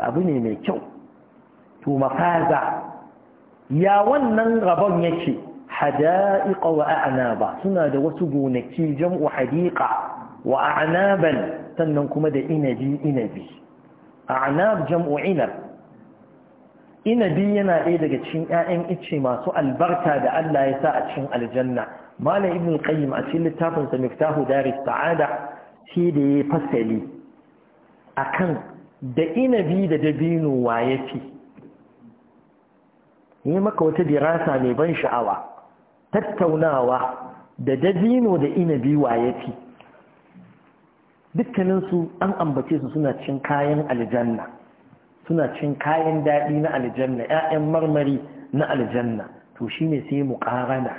abu ne mai kyau to mafaza ya wannan rabon yake hada'iqa wa a'naba suna da wasu gonaki jam'u hadiqa wa a'naban sannan kuma da inabi inabi a'nab jam'u inab inabi yana ɗaya daga cikin ƴaƴan ice masu albarka da Allah ya sa a cikin aljanna malam ibnu qayyim a cikin littafin sa miftahu daris sa'ada shi da ya fasali akan da inabi da dabino wa ya fi yi maka wata dirasa mai ban sha'awa tattaunawa da dabino da inabi wa ya fi dukkaninsu an ambace su suna cin kayan aljanna suna cin kayan daɗi na aljanna 'ya'yan marmari na aljanna to shi ne sai mu ƙarana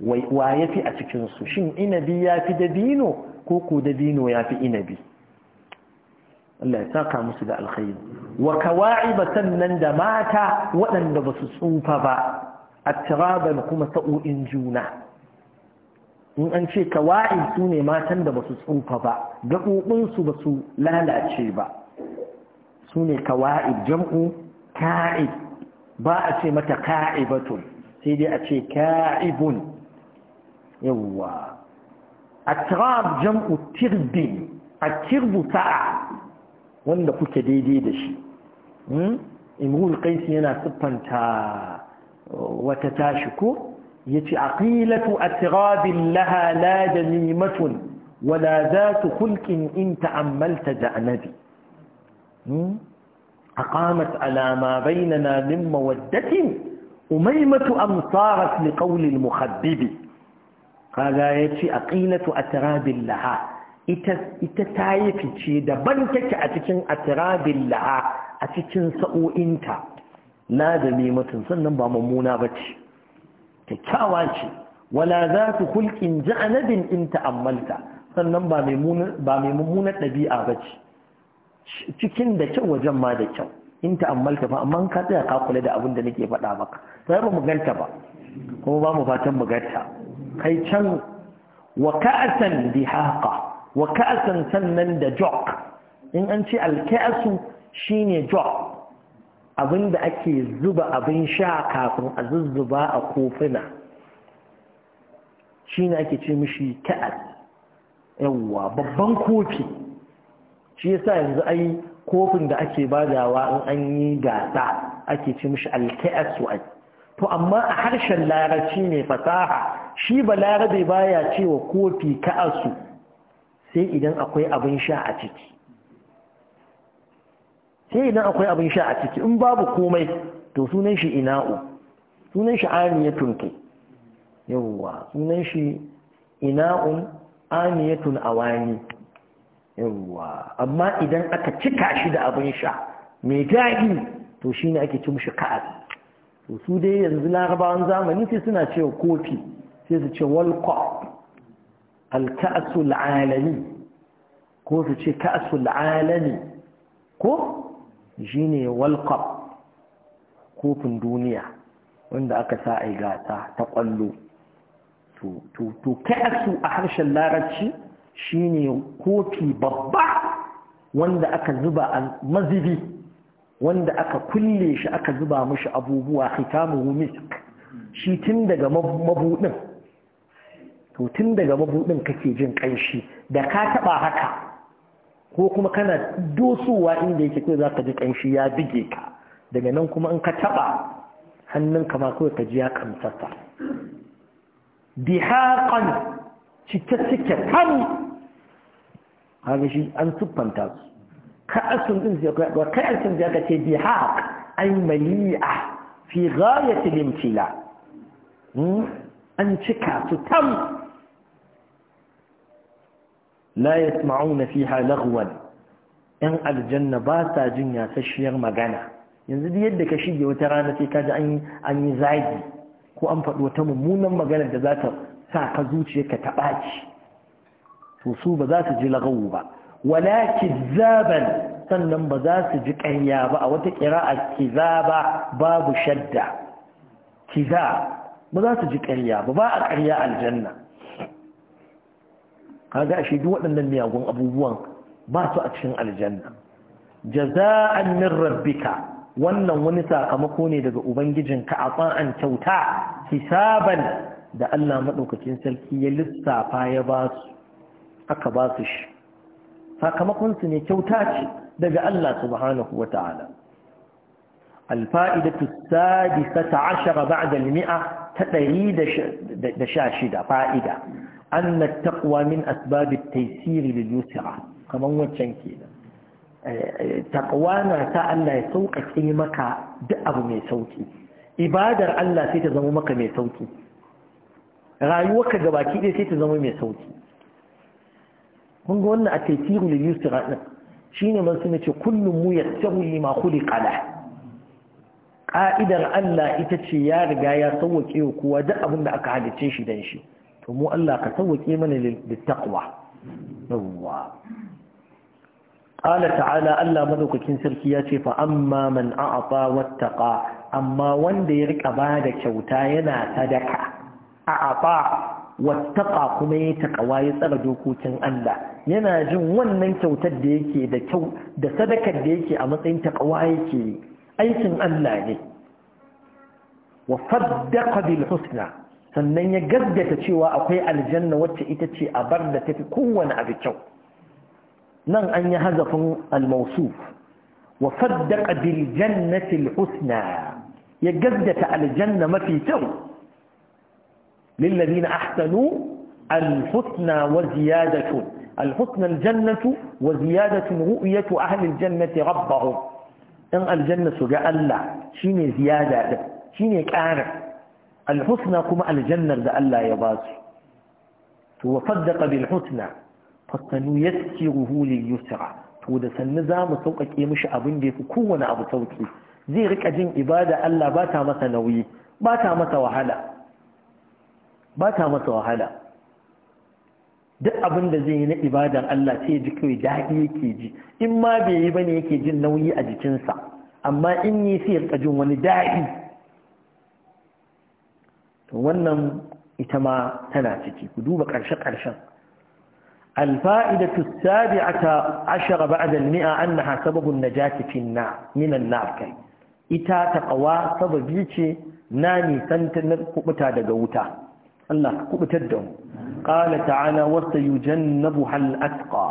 wa ya fi a cikinsu shin inabi ya fi dabino ko ko dabino ya fi inabi Allah ya saka musu da alkhairi wa kawa'iba sannan da mata waɗanda ba su tsufa ba attiraban kuma sa'o'in juna in an ce kawa'ib su ne matan da ba su tsufa ba gaɓoɓinsu ba su lalace ba su ne kawa'ib jam'u ka'ib ba a ce mata ka'ibatun sai dai a ce ka'ibun yawwa attirab jam'u tirbin attirbu ta'a. wanda kuke daidai da shi hmm? imrul qaisi yana siffanta uh, wata tashi ko yace aqilatu atghadin laha la jamimatun wala zatu khulqin in ta'ammalta ja'nabi hmm? alama ala na bainana min mawaddatin umaymatu amsarat li qawli al-mukhabbibi kaga yace aqilatu atghadin laha ita ta yi fice daban take a cikin atirabin la'a a cikin sa'o'inta na da mutum sannan ba mummuna ba ce kyakkyawa ce wala za ta hulkin ja'anabin in ta'ammalta sannan ba mai mummunar ɗabi'a ba ce cikin da kyau wajen ma da kyau in ta'ammalta ba amma ka tsaya ka kula da abin da nake faɗa maka sai ba mu ganta ba kuma ba mu fatan mu ganta kai can wa ka'asan dihaqa wa ka'asan sannan da jok in an ce alka'asu shine jok abinda ake zuba abin sha kafin a zuzzuba a kofina shi ne ake ce mishi ka'as yawwa babban kofi shi yasa yanzu ayi kofin da ake badawa in an yi gasa ake ce mishi alka'asu ai to amma a harshen larabci ne fasaha shi ba larabe baya cewa kofi ka'asu sai idan akwai abin sha a ciki sai idan akwai abin sha a ciki in babu komai to sunan shi ina'u sunan shi aniyatun ke yawwa sunan shi ina'un aniyatun awani yawwa amma idan aka cika shi da abin sha mai daɗi to shine ake cin shi ka'ad to su dai yanzu larabawan zamani sai suna cewa kofi sai su ce walcott alka'asul alami ko su ce ka'asul alami ko shine ne cup kofin duniya wanda aka sa a gata ta kwallo to ka'asu a harshen larabci shine kofi babba wanda aka zuba a mazibi wanda aka kulle shi aka zuba mashi abubuwa hitamu misk shi tun daga mabuɗin. to tun daga mabuɗin kake jin ƙanshi da ka taɓa haka ko kuma kana dosowa inda yake kawai za ka ji ƙanshi ya bige ka daga nan kuma in ka taɓa hannun ma kawai ka ji ya kamsasa dihaƙan cike cike tam haka shi an siffanta su ka asin din sai ka kai asin sai ka ce dihaq ay mali'a fi ghayati limtila hmm? an cika su tam la yasma'una fiha laghwan yan aljanna ba sa jin yasasshiyar magana yanzu duk yadda ka shige wata rana sai ka ji an yi zagi ko an faɗi wata mummunan magana da za ta sa ka zuciyarka ta ɓaci to su ba za su ji lagawu ba wala kizaban sannan ba za su ji ƙarya ba a wata ƙira'a kizaba babu shadda kiza ba za su ji ƙarya ba ba a ƙarya aljanna kaga ashe duk waɗannan miyagun abubuwan ba su a cikin aljanna jaza'an min rabbika wannan wani sakamako ne daga ubangijinka a tsa'an kyauta hisaban da Allah maɗaukacin sarki ya lissafa ya ba su aka ba su shi sakamakonsu ne kyauta ce daga Allah subhanahu wa ta'ala alfa'idatu sadisata ashara ba'da al-mi'a ta 116 fa'ida anna taqwa min asbab at-taysir lil yusra kaman waccan na ta Allah ya sauƙaƙe maka duk abu mai sauƙi ibadar Allah sai ta zama maka mai sauƙi rayuwarka gabaki ɗaya sai ta zama mai sauƙi kun ga wannan a taysir lil yusra din shine man suna ce kullum mu yattahu lima khuliqa la ka'idar Allah ita ce ya riga ya wa kowa duk abin da aka halice shi dan shi to mu Allah ka sauke mana littaqwa yawwa qala ta'ala Allah madaukakin sarki ya ce fa amma man a'ata wattaqa amma wanda ya rika bada kyauta yana sadaka a'ata wattaqa kuma ya takawa ya tsara dokokin Allah yana jin wannan kyautar da yake da kyau da sadakar da yake a matsayin takawa yake aikin Allah ne wa saddaqa bil husna sannan ya gaggata cewa akwai aljanna wacce ita ce a bar da tafi kowane abu kyau nan an yi hazafin almausuf wa faddaka bil jannati husna ya gaggata aljanna mafi kyau lil ladina ahsanu al husna wa ziyadatu al husna al jannatu wa ziyadatu ru'yatu ahli al jannati rabbahum in aljanna su ga Allah shine ziyada din shine ƙara الحسنى كما الجنة ده ألا يباسي وصدق بالحسنى فسنيسره لليسرى وده سنزام سوقك يمشي أبن دي فكونا أبو سوقي زي رك أجن إبادة ألا باتا مسا نوي باتا مسا وحلا باتا مسا وحلا duk abin da zai yi na ibadar Allah sai ji kawai daɗi yake ji in ma bai yi bane yake jin nauyi a jikinsa amma in yi sai ya jin wani daɗi to wannan ita ma tana ciki ku duba ƙarshe-ƙarshen alfa'idatu sabi'ata ashara ba'da al-mi'a annaha sababin na fi na minan na kai ita taqwa sababi ce na nisan ta kubuta daga wuta Allah ka kubutar da mu qala ta'ala na hal atqa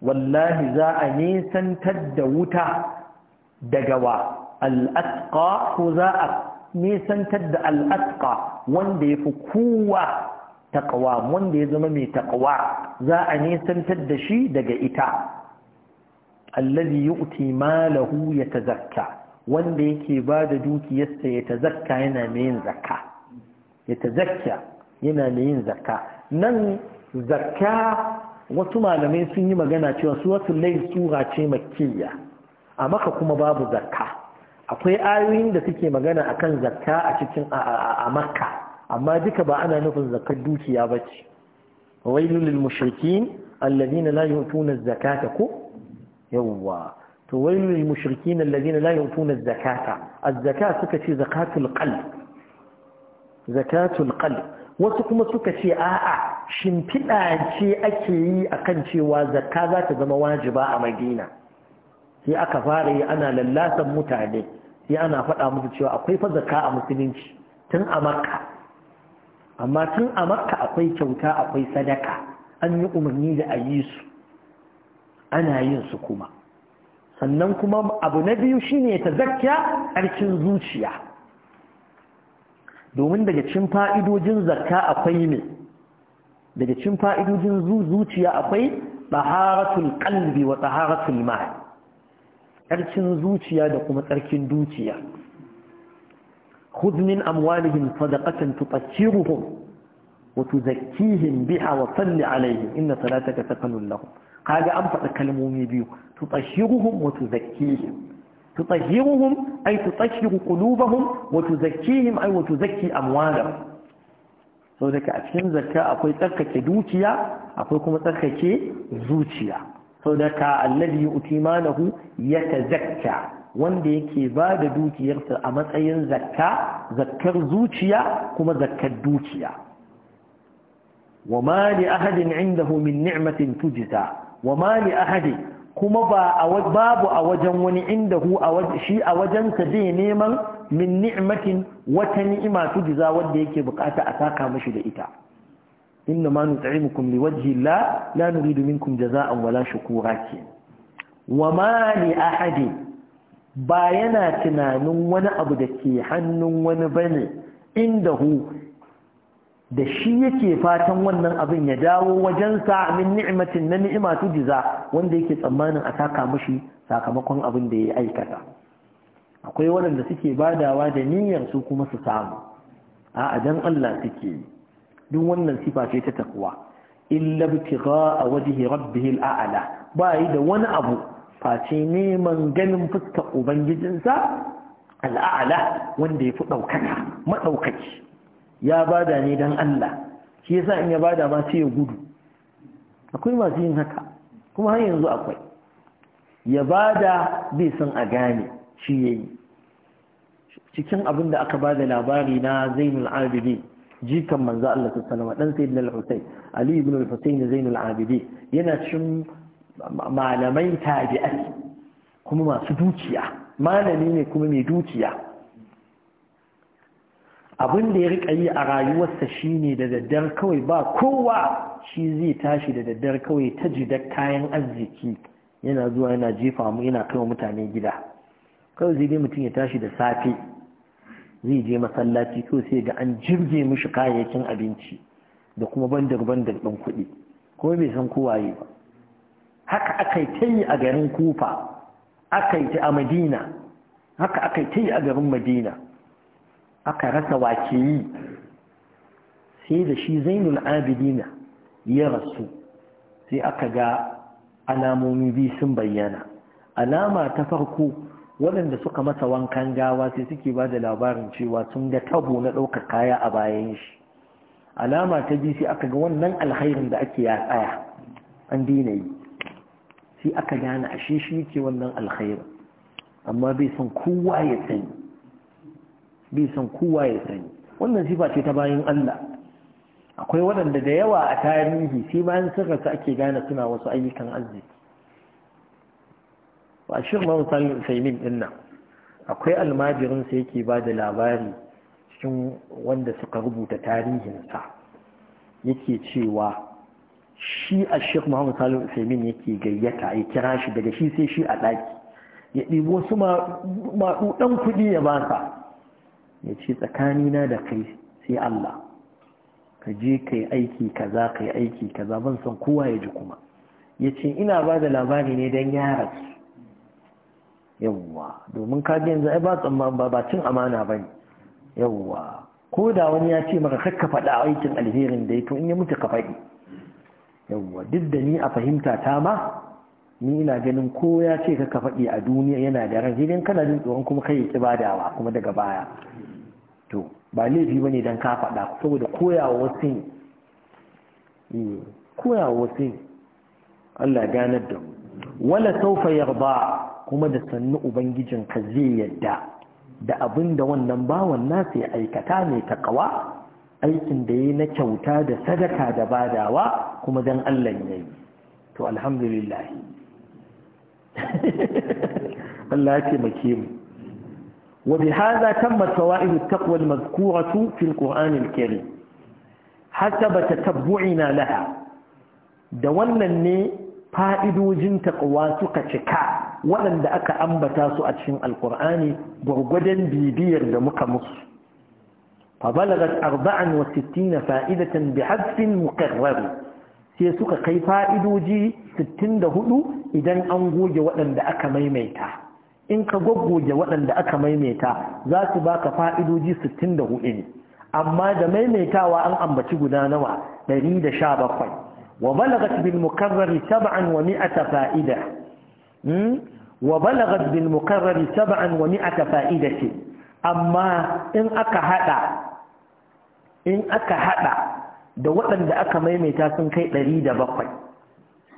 wallahi za a nisantar da wuta daga wa al ko za a nisantar da al'atqa wanda ya fi kowa taqwa wanda ya zama mai taƙawa. za a nisantar da shi daga ita allazi uti malahu yatazakka wanda yake ba da dukiyarsa ya tazakka yana mai yin zakka ya tazakka yana mai yin zakka nan zakka wasu malamai sun yi magana cewa wasu layl tura ce makkiyya a maka kuma babu zakka akwai ayoyin da suke magana akan zakka a cikin a makka amma duka ba ana nufin zakkar dukiya ba ce wailul lil mushrikin alladhina na yu'tuna az-zakata ko yawwa to wailul lil mushrikin alladhina na yu'tuna az-zakata a zakata suka ce zakatul qalb wasu kuma suka ce a'a shimfiɗa ce ake yi akan cewa zakka za ta zama wajiba a madina sai aka fara yi ana lallasan mutane sai ana faɗa musu cewa akwai fazaka a musulunci tun a makka amma tun a makka akwai kyauta akwai sadaka an yi umarni da a su ana yin su kuma sannan kuma abu na biyu shine ta zakya ƙarfin zuciya domin daga cin fa'idojin zakka akwai ne daga cin fa'idojin zuciya akwai taharatul qalbi wa taharatul mali ƙarcin zuciya da kuma tsarkin dukiya khudh min amwalihim sadaqatan tutathiruhum wa tuzakkihim biha wa salli alaihim inna salataka sakanun lahum kaga an faɗa kalmomi biyu tutashiruhum wa tuzakkihim تطهرهم أي تطهر قلوبهم وتزكيهم أي وتزكي أموالهم sau da ka a cikin zakka akwai tsarkake dukiya akwai kuma tsarkake zuciya sau da ka allazi yu'ti malahu yatazakka wanda yake ba da dukiyarsa a matsayin zakka zakkar zuciya kuma zakkar dukiya wa ma li ahadin indahu min ni'matin tujza wa ma li ahadin kuma ba babu a wajen wani inda hu shi a wajen wajensa zai neman min ni'matin wata ni'ima tujiza wanda yake bukata a saka mashi da ita inna ma nut'imukum liwajhi la la nuridu minkum jaza'an wala shukura ke wa ma li ahadi ba yana tunanin wani abu da ke hannun wani bane Hu da shi yake fatan wannan abin ya dawo wajen min ni'matin na ni'ima jiza wanda yake tsammanin a saka mushi sakamakon abin da ya aikata akwai waɗanda suke badawa da niyyar su kuma su samu Aa dan Allah suke yi duk wannan sifa ce ta takwa illa a wajhi rabbihil al'ala ba yi da wani abu face neman ganin fuskar ubangijinsa al'a'la wanda ya fi ɗaukaka maɗaukaki ya bada ne dan Allah shi yasa in ya bada ma sai ya gudu akwai masu yin haka kuma har yanzu akwai ya bada bai san a gane shi yayi cikin abin da aka bada labari na zainul abidin jikan manzo Allah sallallahu alaihi wasallam dan sayyidina al-Husayn Ali ibn al-Husayn Zainul Abidin yana cikin malamai tabi'ai kuma masu dukiya malami ne kuma mai dukiya abin da ya rika yi a rayuwarsa shine da daddar kawai ba kowa shi zai tashi da daddar kawai ta jida kayan arziki yana zuwa yana jefa mu yana kai mutane gida kawai zai dai mutum ya tashi da safe zai je masallaci to sai ga an jirge mishi kayayyakin abinci da kuma bandar bandar ɗin kuɗi ko bai san kowaye ba haka aka ta yi a garin kufa aka ta a madina haka aka ta yi a garin madina aka rasa wake yi sai da shi zainul abidina ya rasu sai aka ga alamomi biyu sun bayyana alama ta farko waɗanda suka masa wankan gawa sai suke ba da labarin cewa sun ga tabo na ɗaukar kaya a bayan shi alama ta ji sai aka ga wannan alhairin da ake ya tsaya an daina yi sai aka gane ashe shi ke wannan alhairin amma bai son kowa ya sani bai son kowa ya sani wannan sifa ce ta bayan Allah akwai waɗanda da yawa a tarihi sai bayan sun rasu ake gane suna wasu ayyukan arziki ba shi ma misalin usaimin din nan akwai almajirinsa yake ba da labari cikin wanda suka rubuta tarihinsa yake cewa shi a shi muhammad salim yake gayyata ya kira shi daga shi sai shi a ɗaki ya ɗibo wasu maɗuɗan kuɗi ya ba sa ya ce tsakanina da kai sai Allah ka je ka yi aiki kaza ka yi aiki kaza ban san kowa ya ji kuma ya ce ina ba da labari ne don su yawwa domin kaji yanzu ai ba ba ba cin amana ba ne yawwa ko da wani ya ce maka kakka faɗa aikin alherin da ya to in ya mutu ka faɗi yawwa duk da ni a fahimta ta ma ni ina ganin ko ya ce kakka faɗi a duniya yana da ran idan kana jin tsoron kuma kai ya ki badawa kuma daga baya to ba laifi ba ne don ka faɗa saboda koyawa wasu eh, koyawa wasu Allah ganar da mu wala saufa yarda kuma da sannu ubangijinka zai yadda da abin da wannan bawan nasa ya aikata mai takawa aikin da ya na kyauta da sadaka da badawa kuma don Allah ya yi to alhamdulillah Allah ya taimake mu وبهذا تمت فوائد التقوى المذكورة في القرآن الكريم حسب تتبعنا لها دولنا فائدوجين suka cika. waɗanda aka ambata su a cikin alkur'ani gwargwadon bibiyar da muka musu فبلغت 64 fa'idatan بحذف مقرر sai suka kai fa'idoji 64 idan an goge waɗanda aka maimaita in ka goggoge waɗanda aka maimaita za su baka fa'idoji 64 ne amma da maimaitawa an ambaci guda nawa 117 wa balagat bil mukarrari 7 wa mi'ata fa'ida وبلغت بالمقرر سبعا ومئة فائدة أما إن أكا هذا إن أكا هذا دوتا إذا أكا ما يميتاسن كي أريد بقي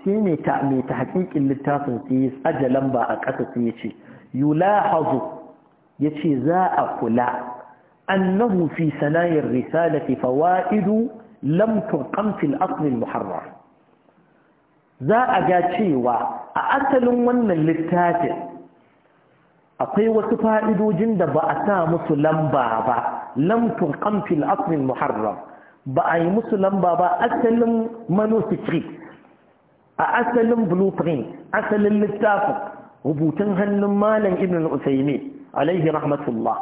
سيني تأمي تحقيق اللي تاسن سيس أجل لمبا أكاسس يشي يلاحظ يشي زاء فلا أنه في سنايا الرسالة فوائد لم تقم في الأصل المحرر za a ga cewa a asalin wannan littafin akwai wasu fa'idojin da ba a sa musu lamba ba lamtun kamfil asirin muharram ba a yi musu lamba ba asalin manuscript a asalin blueprint asalin littafin rubutun hannun malam ibn al'usaimi alaihi rahmatullah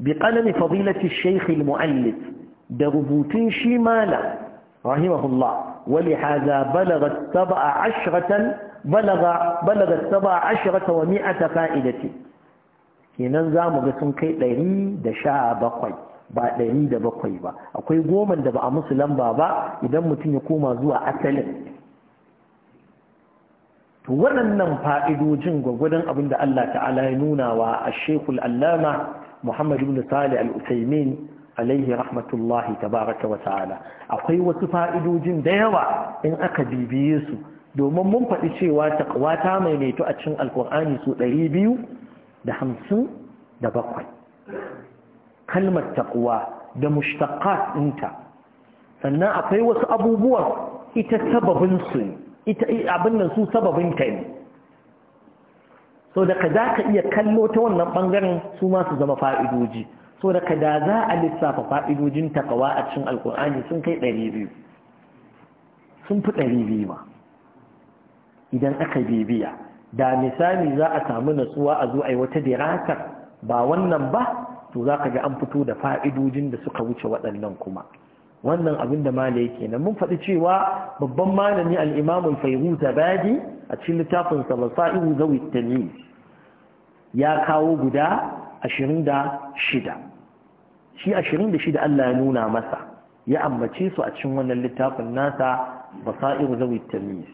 bi ƙalami fadilati shaikh mu'allif da rubutun shi malam rahimahullah wali haza balaga saba'a ashratan balaga balaga saba'a ashrata wa mi'ata fa'idati kenan zamu ga sun kai da 117 ba da bakwai ba akwai goman da ba a musu lamba ba idan mutum ya koma zuwa asalin to waɗannan fa'idojin gwagwadon abin da Allah ta'ala ya nuna wa a shekul allama Muhammad ibn Salih al-Usaimin alaihi rahmatullahi tabaraka wa ta'ala akwai wasu fa'idojin da yawa in aka bibiye su domin mun faɗi cewa taqwa ta maimaito a cikin alkur'ani su ɗari biyu da hamsin da bakwai kalmar taqwa da mushtaqat ɗinta sannan akwai wasu abubuwan ita sababin su ita eh, abin nan su sababin ta ne so da ka za ka iya kallo ta wannan ɓangaren su ma su zama fa'idoji so da ka za a lissafa fa'idojin takawa a cikin alkur'ani sun kai ɗari biyu sun fi ɗari biyu ma idan aka bibiya da misali za a samu natsuwa a zo a yi wata dirakar ba wannan ba to za ka ga an fito da fa'idojin da suka wuce waɗannan kuma wannan abin da mala yake nan mun faɗi cewa babban malami al'imamun faihu badi a cikin littafin sabasa'ihu zawi ya kawo guda ashirin da shida shi ashirin da shida Allah ya nuna masa ya ambace su a cikin wannan littafin nasa basa'ir zawi tamyiz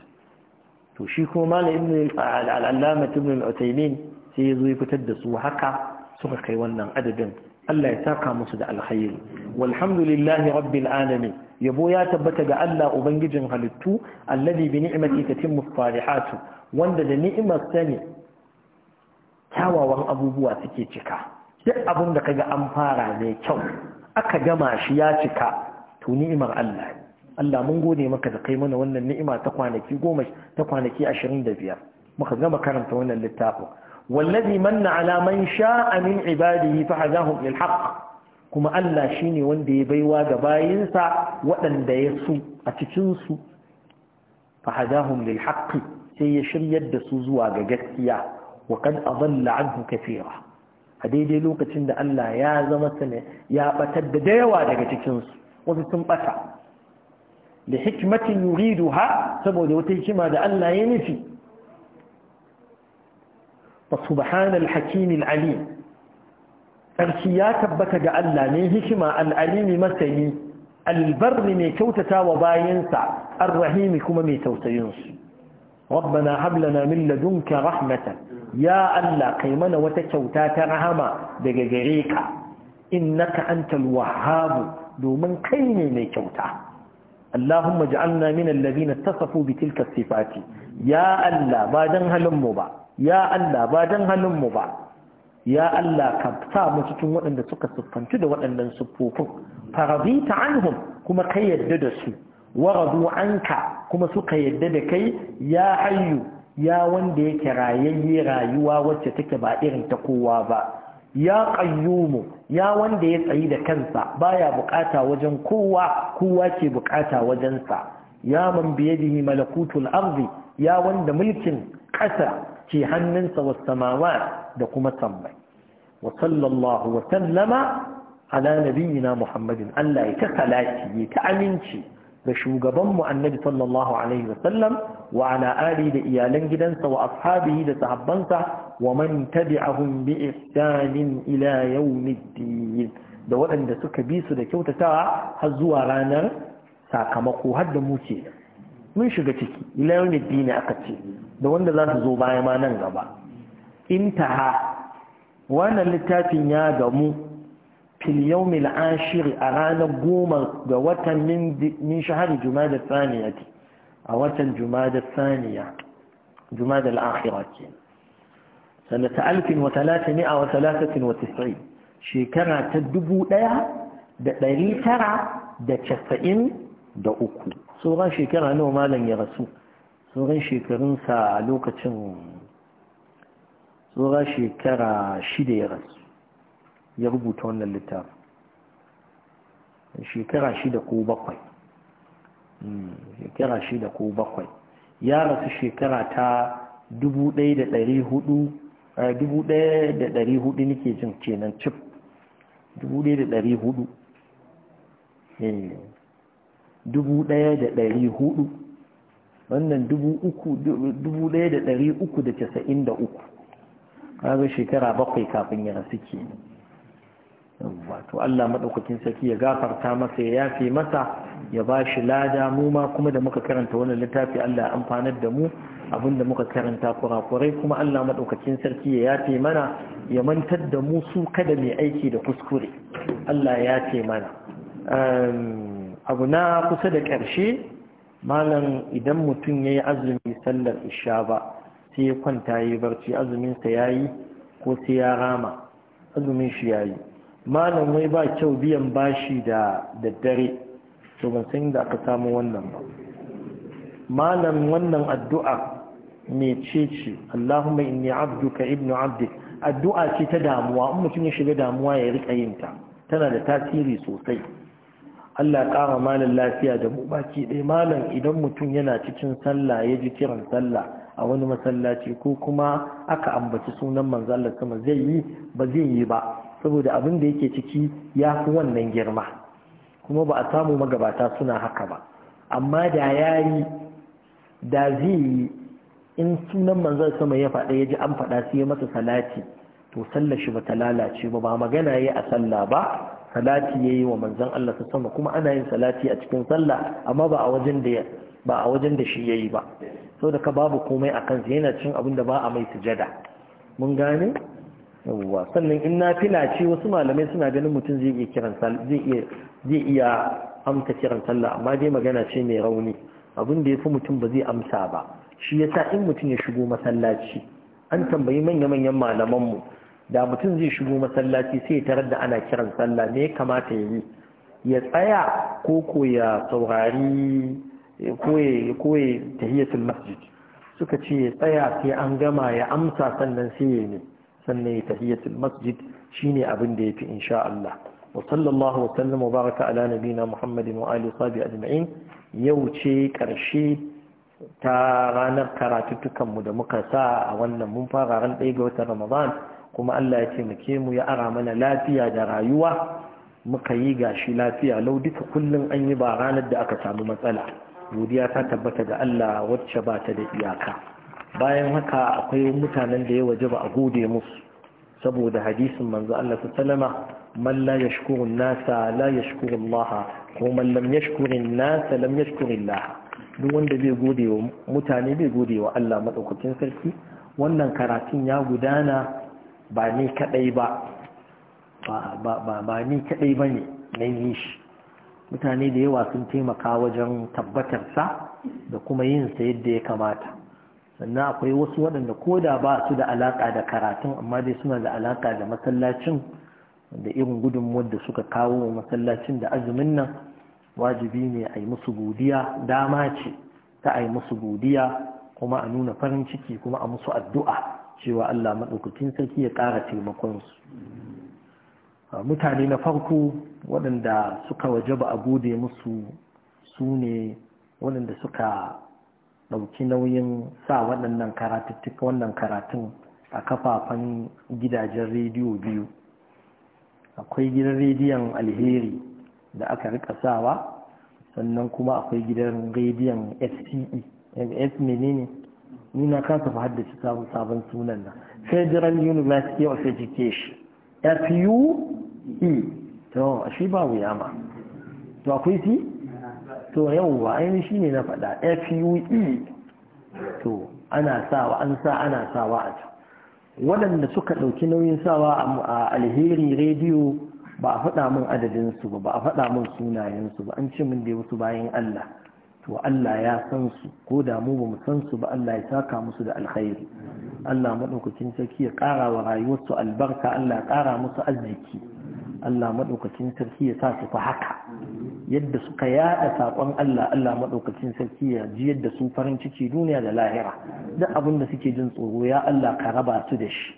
to shi kuma malam ibn al ibn al sai ya zo ya fitar da su haka suka kai wannan adadin Allah ya saka musu da alhairi walhamdulillahi rabbil alamin yabo ya tabbata ga Allah ubangijin halittu alladhi bi ni'mati tatimmu salihatu wanda da ni'imar sani kyawawan abubuwa suke cika duk abin da kaga an fara mai kyau aka gama shi ya cika to ni'imar Allah Allah mun gode maka da kai mana wannan ni'ima ta kwanaki goma ta kwanaki ashirin da biyar muka gama karanta wannan littafin wallazi manna ala man sha'a min ibadihi fa hadahum lil haqq kuma Allah shine wanda ya baiwa ga bayinsa waɗanda ya su a cikin su fa hadahum lil haqq sai ya shiryar da su zuwa ga gaskiya wa kad adalla anhu kathira a daidai lokacin da Allah ya zama sane ya batar da dayawa daga cikinsu wasu sun bata da hikmatin ha saboda wata hikima da Allah ya nufi fa subhanal hakim al alim sarki ya tabbata ga Allah ne hikima al alimi masani albarri mai kyautata wa bayansa arrahimi kuma mai tausayin su ربنا هب لنا من لدنك رحمه ya Allah kai mana wata kyauta ta rahama daga gare ka innaka antal wahhab domin kai ne mai kyauta Allahumma ja'alna min alladhina tasafu bi tilka sifati ya Allah ba dan halin mu ba ya Allah ba dan halin mu ba ya Allah ka sa mu cikin waɗanda suka siffanci da waɗannan siffofin faradita anhum kuma kai yadda da su waradu anka kuma suka yadda da kai ya hayyu ya wanda yake rayayye rayuwa wacce take ba irin ta kowa ba ya ƙayyumu ya wanda ya tsayi da kansa baya bukata wajen kowa kowa ke bukata wajen sa ya man biyadihi malakutul ardi ya wanda mulkin ƙasa ke hannunsa was samawa da kuma sammai wa sallallahu wa sallama ala nabiyyina muhammadin Allah ya ta salati ya ta aminci ga shugabanmu annabi sallallahu alaihi wasallam wa ala ali da iyalan gidansa wa ashabihi da sahabbansa wa man tabi'ahum bi ihsanin ila yawmiddin da waɗanda suka bi su da kyautatawa har zuwa ranar sakamako har da mu ce mun shiga ciki ila yawmiddin aka ce da wanda za su zo baya ma nan gaba intaha wannan littafin ya gamu fil yawmil ashir a ranar goma ga watan min shahar jumada saniya ce, a watan jumada saniya jumada al'akhira ce. sanata alfin wa a wa talatatin wa tis'in shekara ta dubu ɗaya da ɗari tara da casa'in da uku sauran shekara nawa malam ya rasu sauran shekarunsa a lokacin sauran shekara shida ya rasu ya rubuta wannan littafin shekara shida ko bakwai hmm, shekara shida ko bakwai ya rasu shekara ta dubu ɗaya da ɗari hudu dubu ɗaya da ɗari hudu nake jin kenan cif dubu ɗaya da ɗari hudu eh, dubu ɗaya da ɗari hudu wannan dubu uku dubu ɗaya da ɗari uku da casa'in da uku kaga shekara bakwai kafin ya rasu kenan wato Allah maɗaukakin sarki ya gafarta masa ya yafe masa ya ba shi lada mu ma kuma da muka karanta wannan littafi Allah ya amfanar da mu abin da muka karanta kurakurai kuma Allah maɗaukakin sarki ya yafe mana ya mantar da mu su kada mai aiki da kuskure Allah ya yafe mana ehm, abu na kusa da ƙarshe malam idan mutum ya yi azumi sallar isha ba sai ya kwanta ya yi barci azuminsa ya yi ko sai ya rama azumin shi ya yi malam wai ba kyau biyan bashi da daddare to ban san da aka samu wannan ba malam wannan addu'a mai ce ce Allahumma inni abduka ibnu Abdi. addu'a ce ta damuwa in mutum ya shiga damuwa ya rika yin ta tana da tasiri sosai Allah ƙara malam lafiya da mu baki ɗaya malam idan mutum yana cikin sallah ya ji kiran sallah a wani masallaci ko kuma aka ambaci sunan manzo Allah sama zai yi ba zai yi ba saboda abin da yake ciki ya fi wannan girma kuma ba a samu magabata suna haka ba amma da yi da zai yi in sunan manzon sama ya faɗa ya ji an faɗa su ya masa salati to sallar shi ba ta lalace ba ba magana yayi a sallah ba salati ya yi wa manzan Allah ta sama kuma ana yin salati a cikin sallah amma ba a wajen da ba a wajen da shi yayi ba saboda ka babu komai a sa yana cin abin da ba a mai sujada mun gane yawwa sannan in na fina ce wasu malamai suna ganin mutum zai iya kiran zai iya amsa kiran sallah amma dai magana ce mai rauni abin da fi mutum ba zai amsa ba shi ya yasa in mutum ya shigo masallaci an tambayi manya-manyan malaman mu da mutum zai shigo masallaci sai ya tarar da ana kiran sallah ne kamata ya yi ya tsaya ko ko ya saurari ko ya tahiyatul masjid suka ce ya tsaya sai an gama ya amsa sannan sai ya ne sannan ya tahiyatul masjid shine abin da fi insha Allah wa sallallahu wa sallama wa baraka ala nabina Muhammadin wa alihi sabi ajma'in yau ce karshe ta ranar karatuttukan mu da muka sa a wannan mun fara ran ɗaya ga watan Ramadan kuma Allah ya taimake mu ya ara mana lafiya da rayuwa muka yi gashi lafiya lau duka kullum an yi ba ranar da aka samu matsala godiya ta tabbata ga Allah wacce ba ta da iyaka bayan haka akwai mutanen da ya waje ba a gode musu saboda hadisin manzo Allah sallama man la yashkuru nasa la yashkuru Allah ko man lam yashkuru nasa lam yashkuru Allah duk wanda bai gode wa mutane bai gode wa Allah madaukakin sarki wannan karatun ya gudana ba ni kadai ba ba ba ni kadai bane na yi shi mutane da yawa sun taimaka wajen tabbatar sa da kuma yin sa yadda ya kamata sannan akwai wasu waɗanda ko da ba su da alaƙa da karatun amma dai suna da alaƙa da masallacin da irin gudun wadda suka kawo wa masallacin da azumin nan wajibi ne a yi musu godiya dama ce ta a yi musu godiya kuma a nuna farin ciki kuma a musu addu'a cewa Allah maɗaukakin sarki ya ƙara taimakon su. mutane na farko waɗanda suka wajaba a gode musu su ne waɗanda suka ɗauki nauyin sa waɗannan karatuttuka wannan karatun a kafafen gidajen rediyo biyu akwai gidan rediyon alheri da aka rika sawa sannan kuma akwai gidan rediyon fce s menene ni na kasa haddace sabon sabon sunan nan federal university of education fue to shi ba wuya ma to akwai si to yawwa ainihin shi ne na faɗa fue to ana sawa an sa ana sawa a can waɗanda suka ɗauki nauyin sawa a alheri rediyo ba a faɗa min adadinsu ba ba a faɗa min sunayensu ba an ce min da wasu bayan Allah to Allah ya san su ko da mu ba mu san su ba Allah ya saka musu da alkhairi Allah maɗaukakin sarki ya ƙara wa rayuwarsu albarka Allah ya ƙara musu arziki Allah maɗaukacin sarki ya sa su fa haka yadda suka yaɗa saƙon Allah Allah maɗaukacin sarki ya ji yadda sun farin ciki duniya da lahira duk abin da suke jin tsoro ya Allah ka raba su da shi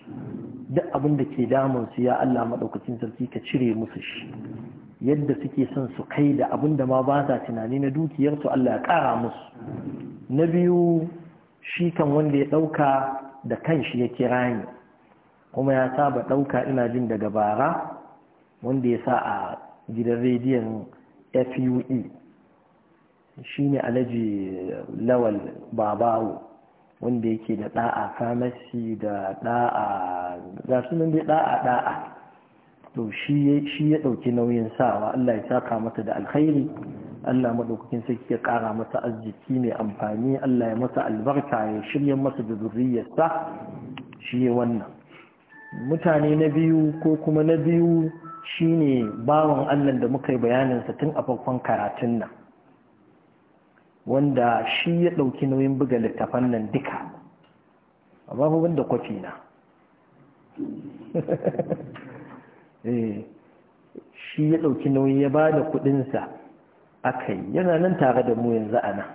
duk abin da ke damun su ya Allah maɗaukacin sarki ka cire musu shi yadda suke son su kai da abin da ma ba sa tunani na dukiyarsu Allah ya ƙara musu na biyu shi kan wanda ya ɗauka da kanshi ya kira ni kuma ya saba ɗauka ina jin daga bara wanda ya sa a gidan rediyon fue shi ne alhaji lawal babawo wanda yake da da'a famasi da da'a ga sunan dai da'a da'a to shi ya dauki nauyin sawa Allah ya saka mata da alkhairi Allah madaukakin sarki ya kara mata arziki mai amfani Allah ya masa albarka ya shirya masa da zuriyarsa shi wannan mutane na biyu ko kuma na biyu Shi ne bawan Allah da muka yi bayaninsa tun a farkon karatun nan wanda shi ya ɗauki nauyin buga littafan nan duka a hubin da kwafi na eh, shi ya ɗauki nauyin ya ba da kuɗinsa aka yi yana nan tare da mu yanzu a nan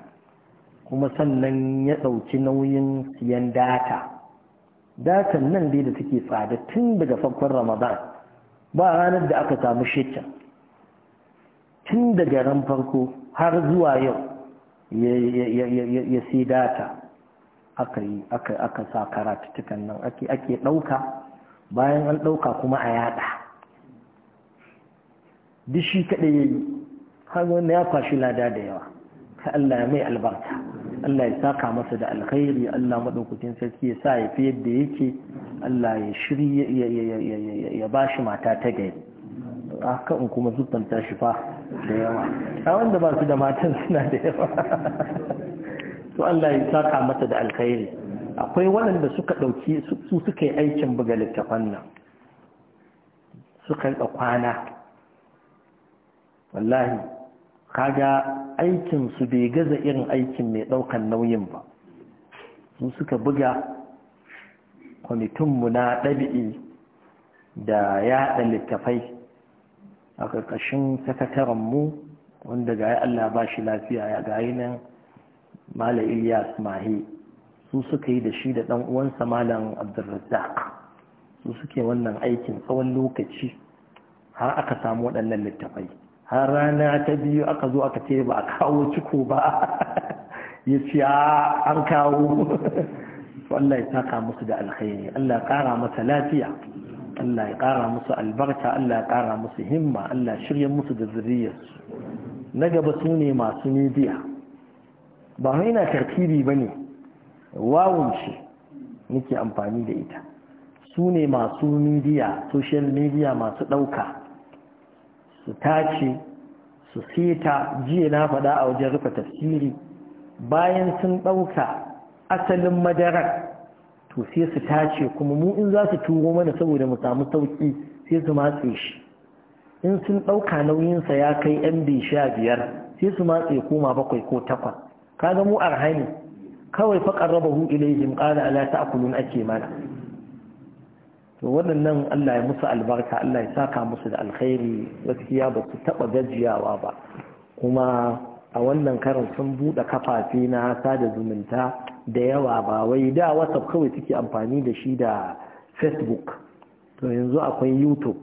kuma sannan ya ɗauki nauyin siyan data datan nan dai da take tsada tun daga farkon ramadan ba ranar da aka samu shita tun daga ran farko har zuwa yau ya sai data aka yi aka sa karatuttukan nan ake ɗauka bayan an ɗauka kuma a yada duk shi kaɗai ya yi har wanda ya kwashi lada da yawa ka Allah mai albarka Allah ya saka masa da alkhairi Allah madaukakin sarki ya sa ya fi yadda yake Allah ya shirye ya ba shi mata ta gari haka in kuma zubanta shi fa da yawa a wanda ba su da matan suna da yawa to Allah ya saka masa da alkhairi akwai waɗanda suka ɗauki su suka yi aikin buga littafan nan suka yi kwana wallahi kaga aikin su bai gaza irin aikin mai daukan nauyin ba su suka buga kwamitinmu na ɗabi'i da yaɗa littafai a ƙarƙashin sakatarenmu wanda ga ya Allah ba shi lafiya ya gayi nan Mala Ilyas Mahi su suka yi da shi da ɗan uwansa Malam Abdulrazzaq su suke wannan aikin tsawon lokaci har aka samu waɗannan littafai har rana ta biyu aka zo aka ce ba a kawo ciko ba ya ce an kawo Allah ya saka musu da alkhairi Allah ya kara masa lafiya Allah ya kara musu albarka Allah ya kara musu himma Allah shirya musu da zuriyarsu na gaba su ne masu midiya ba mai na tarkibi ba ne wawun muke amfani da ita su ne masu midiya social media masu ɗauka su tace su sita jiya na faɗa a wajen rufe tafsiri bayan sun ɗauka asalin madara to sai su tace kuma mu in za su turo mana saboda mu samu sauƙi sai su matse shi in sun ɗauka nauyinsa ya kai mb sha biyar sai su matse koma bakwai ko takwas kaga mu arhani kawai faƙar raba hu ilaihim ƙara ala ta'kulun ake mana to waɗannan Allah ya musu albarka Allah ya saka musu da alkhairi gaskiya ba su taɓa gajiyawa ba kuma a wannan karin sun buɗe kafafe na sada zumunta da yawa ba wai da whatsapp kawai suke amfani da shi da facebook to yanzu akwai youtube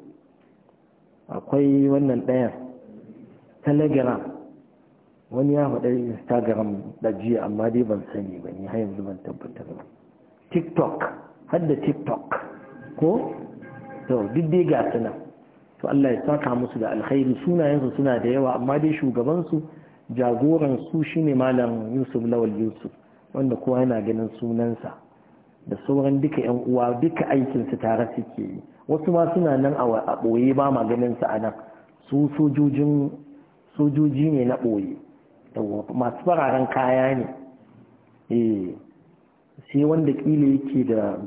akwai wannan ɗayan telegram wani ya faɗa instagram da jiya amma dai ban sani ba ni har yanzu ban tabbatar ba tiktok har da tiktok ko to duk dai ga suna to Allah ya saka musu da alkhairi sunayensu suna da yawa amma dai shugabansu jagoran su shine malam Yusuf Lawal Yusuf wanda kowa yana ganin sunansa da sauran duka yan uwa duka aikin tare suke yi wasu ma suna nan a boye ba ma ganin su a nan su sojojin sojoji ne na boye masu fararen kaya ne eh sai wanda kila yake da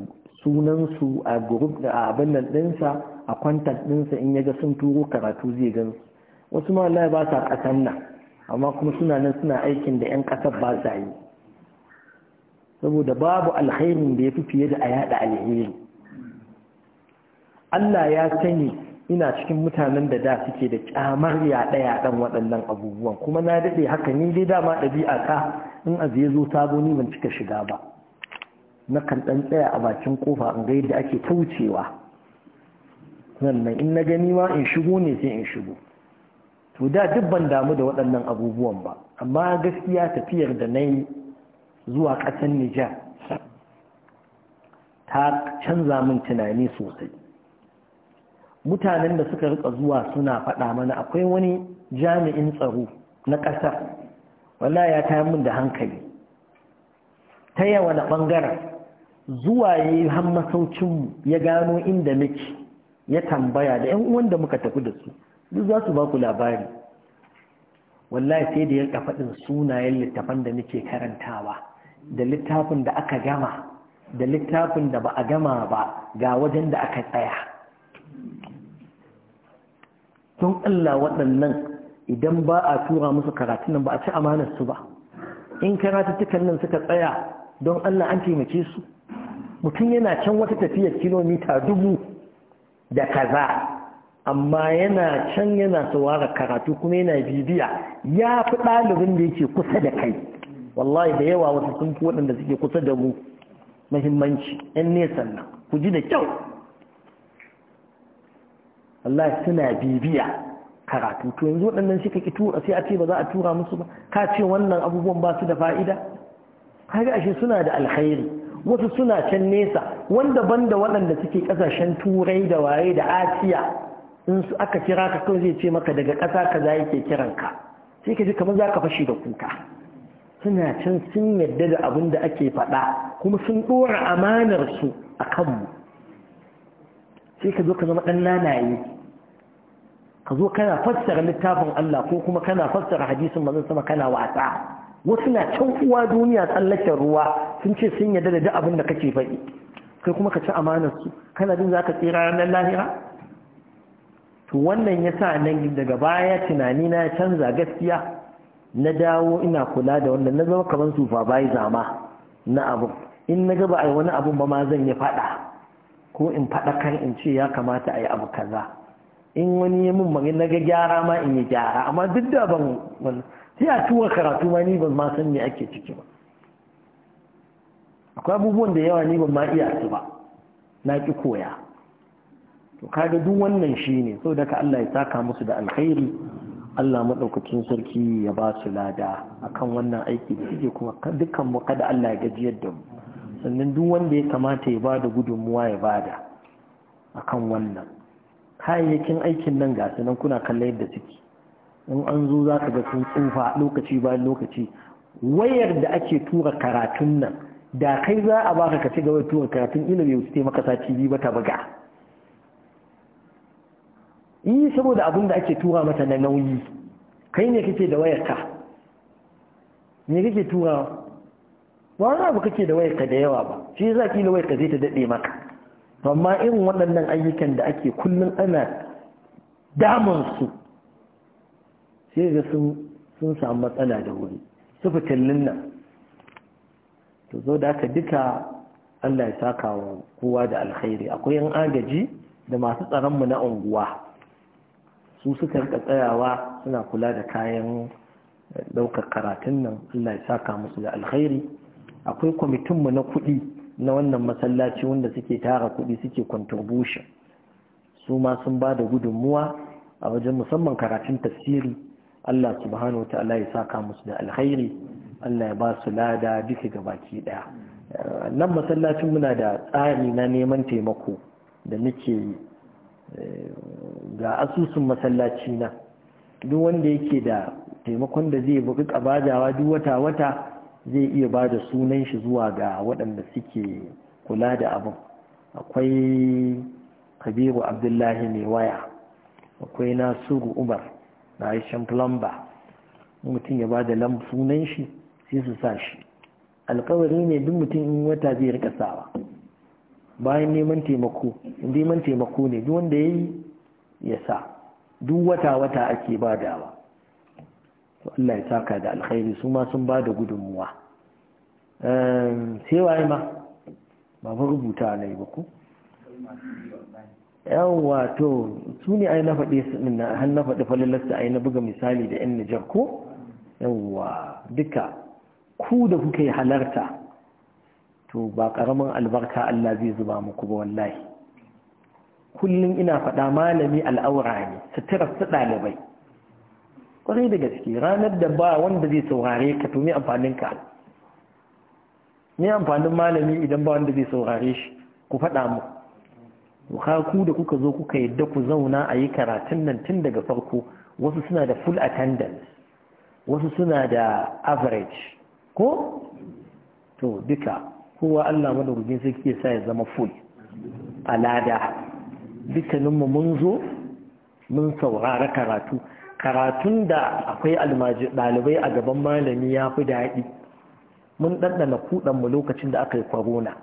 sunansu a guruf da abin nan ɗinsa a kwantar ɗinsa in ya ga sun turo karatu zai gan wasu ma wallahi ba sa ƙasan nan amma kuma suna nan suna aikin da 'yan ƙasar ba sa yi saboda babu alkhairin da ya fi fiye da a yaɗa alheri Allah ya sani ina cikin mutanen da da suke da kyamar yaɗa yaɗan waɗannan abubuwan kuma na daɗe haka ni dai dama ɗabi'a ka in azu ya zo sabo ni ban cika shiga ba na kan ɗan tsaya a bakin kofa in ga yadda ake ta wucewa sannan in na gani ma in shigo ne sai in shigo to da duk ban damu da waɗannan abubuwan ba amma gaskiya tafiyar da na yi zuwa ƙasar Nijar ta canza min tunani sosai mutanen da suka rika zuwa suna faɗa mana akwai wani jami'in tsaro na ƙasar wala ya ta min da hankali ta yawa na ɓangaren zuwa ya yi hammasaucinmu ya gano inda muke ya tambaya da ‘yan uwan da muka tafi da su duk za su ba ku labari wallahi sai da ya faɗin sunayen littafan da muke karantawa da littafin da aka gama da littafin da ba a gama ba ga wajen da aka tsaya don Allah waɗannan idan ba a tura musu karatun nan ba a ci amanarsu ba in karatuttukan nan suka tsaya don Allah an taimake su mutum yana can wata tafiyar kilomita dubu da kaza amma yana can yana saurara karatu kuma yana bibiya ya fi ɗalibin da yake kusa da kai wallahi da yawa wasu sun fi waɗanda suke kusa da mu mahimmanci ‘yan nesa nan ku ji da kyau Allah suna bibiya karatu to yanzu waɗannan shi ki tura sai a ce ba za a tura musu ba ka ce wannan abubuwan ba su da fa'ida kaga ashe suna da alkhairi wasu suna can nesa wanda banda waɗanda suke ƙasashen turai da waye da asiya in su aka kira ka kawai zai ce maka daga ƙasa yake kiran ka sai ka ji kamar za ka fashe da kuka suna can sun yadda da abin da ake faɗa kuma sun ɗora amanar su a kanmu sai ka zo ka zama ɗan nanaye ka zo kana fassara littafin Allah ko kuma kana fassara hadisin manzon sama kana wasa wasu na can uwa duniya tsallaken ruwa sun ce sun yarda da abin da kake faɗi kai kuma ka ci amanar su kana jin ka tsira ranar lahira to wannan ya sa nan daga baya tunani na canza gaskiya na dawo ina kula da wannan na zama kamar sufa bayi zama na abin. in na gaba ai wani abin ba ma zan yi faɗa ko in faɗa kan in ce ya kamata a yi abu kaza in wani ya mun magana na ga gyara ma in yi gyara amma duk da ban sai a tuwa karatu ma ni ban ma san me ake ciki ba akwai abubuwan da yawa ni ban ma iya su ba na ki koya to kaga duk wannan shine saboda ka Allah ya saka musu da alkhairi Allah maɗaukacin sarki ya ba su lada akan wannan aiki da kike kuma dukkan mu kada Allah ya gajiyar da mu sannan duk wanda ya kamata ya bada gudunmuwa ya bada akan wannan kayayyakin aikin nan ga su kuna kallon yadda suke in an zo za ka ga sun tsufa lokaci bayan lokaci wayar da ake tura karatun nan da kai za a baka ka ci gaba tura karatun ina bai wuce maka sati biyu ba ta buga yi saboda abin da ake tura mata na nauyi kai ne kake da wayar ka me kake tura ba za ka kake da wayar ka da yawa ba shi yi kila wayar ka zai ta dade maka amma irin waɗannan ayyukan da ake kullum ana damun su sai ga sun samu matsala da wuri su fitilun nan to zo da aka duka Allah ya saka wa kowa da alkhairi akwai yan agaji da masu tsaronmu na unguwa su suka rika tsayawa suna kula da kayan eh, ɗaukar karatun nan Allah ya saka musu da alkhairi akwai kwamitinmu na kudi na wannan masallaci wanda suke tara kudi suke contribution su ma sun ba da gudunmuwa a wajen musamman karatun tasiri Allah subhanahu wata'ala ya saka musu da alkhairi Allah ya ba su lada duka gabaki ɗaya. nan masallacin muna da tsari na neman taimako da muke eh, ga asusun masallaci na duk wanda yake da taimakon da zai buƙi ƙabajawa duk wata-wata zai iya ba da sunan shi zuwa ga waɗanda suke kula da abin akwai kabiru abdullahi mai waya akwai nasiru umar shan plumber mutum ya ba da sunan shi sai su sa shi alkawari ne duk mutum in wata zai rika sawa bayan neman taimako neman taimako ne duk wanda ya yi ya sa duk wata-wata ake badawa to Allah ya saka da alkhairi su ma sun ba da gudunmuwa ehm, sai waye ma ba fa rubuta yi ba ku yawwa to su ne ai na faɗi har na faɗi falilarsa ai na buga misali da yan nijar ko yawwa duka ku da kuka yi halarta to ba ƙaramin albarka Allah zai zuba muku ba wallahi kullum ina faɗa malami al'aura ne sutura su ɗalibai ƙwarai da gaske ranar da ba wanda zai saurare ka to me amfanin ka me amfanin malami idan ba wanda zai saurare shi ku faɗa mu ka ku da kuka zo kuka yadda ku zauna a yi karatun nan tun daga farko wasu suna da full attendance wasu suna da average ko to duka kowa Allah madaukakin sai ya sa ya zama full alada dukkaninmu mun zo mun saurara karatu karatun da akwai ɗalibai a gaban malami ya fi daɗi mun ɗanɗana kuɗanmu lokacin da aka yi korona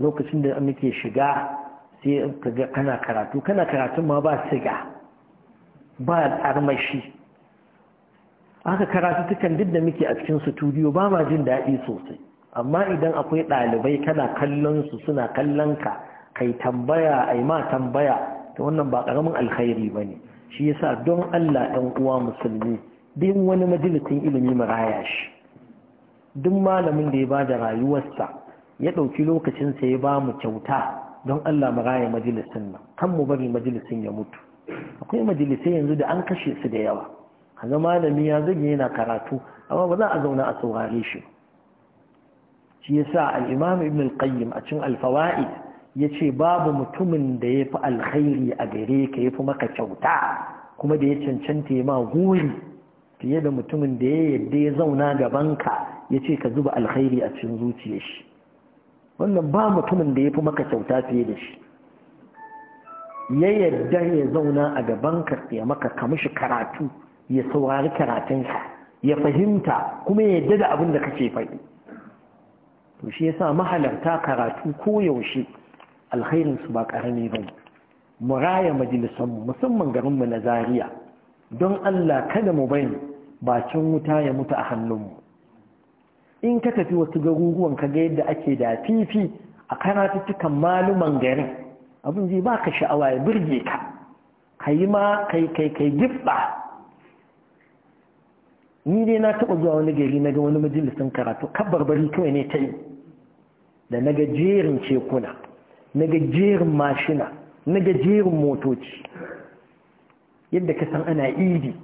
lokacin da muke shiga sai kaga kana karatu kana karatun ma ba siga ba armashi aka karatu tukan duk da muke a cikin studio ba ma jin daɗi sosai amma idan akwai ɗalibai kana kallon su suna kallon ka kai tambaya ai ma tambaya ta wannan ba ƙaramin alkhairi ba ne shi yasa don Allah ɗan uwa musulmi duk wani majalisin ilimi maraya shi duk malamin da ya ba da rayuwarsa ya ɗauki lokacinsa ya ba mu kyauta don Allah mu raya majalisin nan kan mu bari majalisin ya mutu akwai majalisai yanzu da an kashe su da yawa a zama malami ya zage yana karatu amma ba za a zauna a saurare shi shi ya sa imam ibn al-qayyim a cin alfawa'i ya ce babu mutumin da ya fi alkhairi a gare ka fi maka kyauta kuma da ya cancanta ya ma gori fiye da mutumin da ya yadda ya zauna gaban ka ce ka zuba alkhairi a cikin zuciyar shi wannan ba mutumin da ya fi maka kyauta fiye da shi ya yadda ya zauna a gaban ka ya maka kamushi karatu ya saurari karatunsa ya fahimta kuma ya yadda da abin da kake faɗi to shi yasa mahalarta karatu ko yaushe alkhairin su ba karami ba mu raya majalisan musamman garinmu na Zariya don Allah kada mu bai bakin wuta ya mutu a hannunmu in ka tafi wasu garuruwan ka ga yadda ake da fifi a karatuttukan maluman garin abin zai ba ka sha'awa ya birge ka ka yi ma kai kai kai gibba ni dai na taɓa zuwa wani gari na ga wani majalisun karatu barbari kawai ne ta yi da na ga jerin cekuna na ga jerin mashina na ga jerin motoci yadda ka san ana idi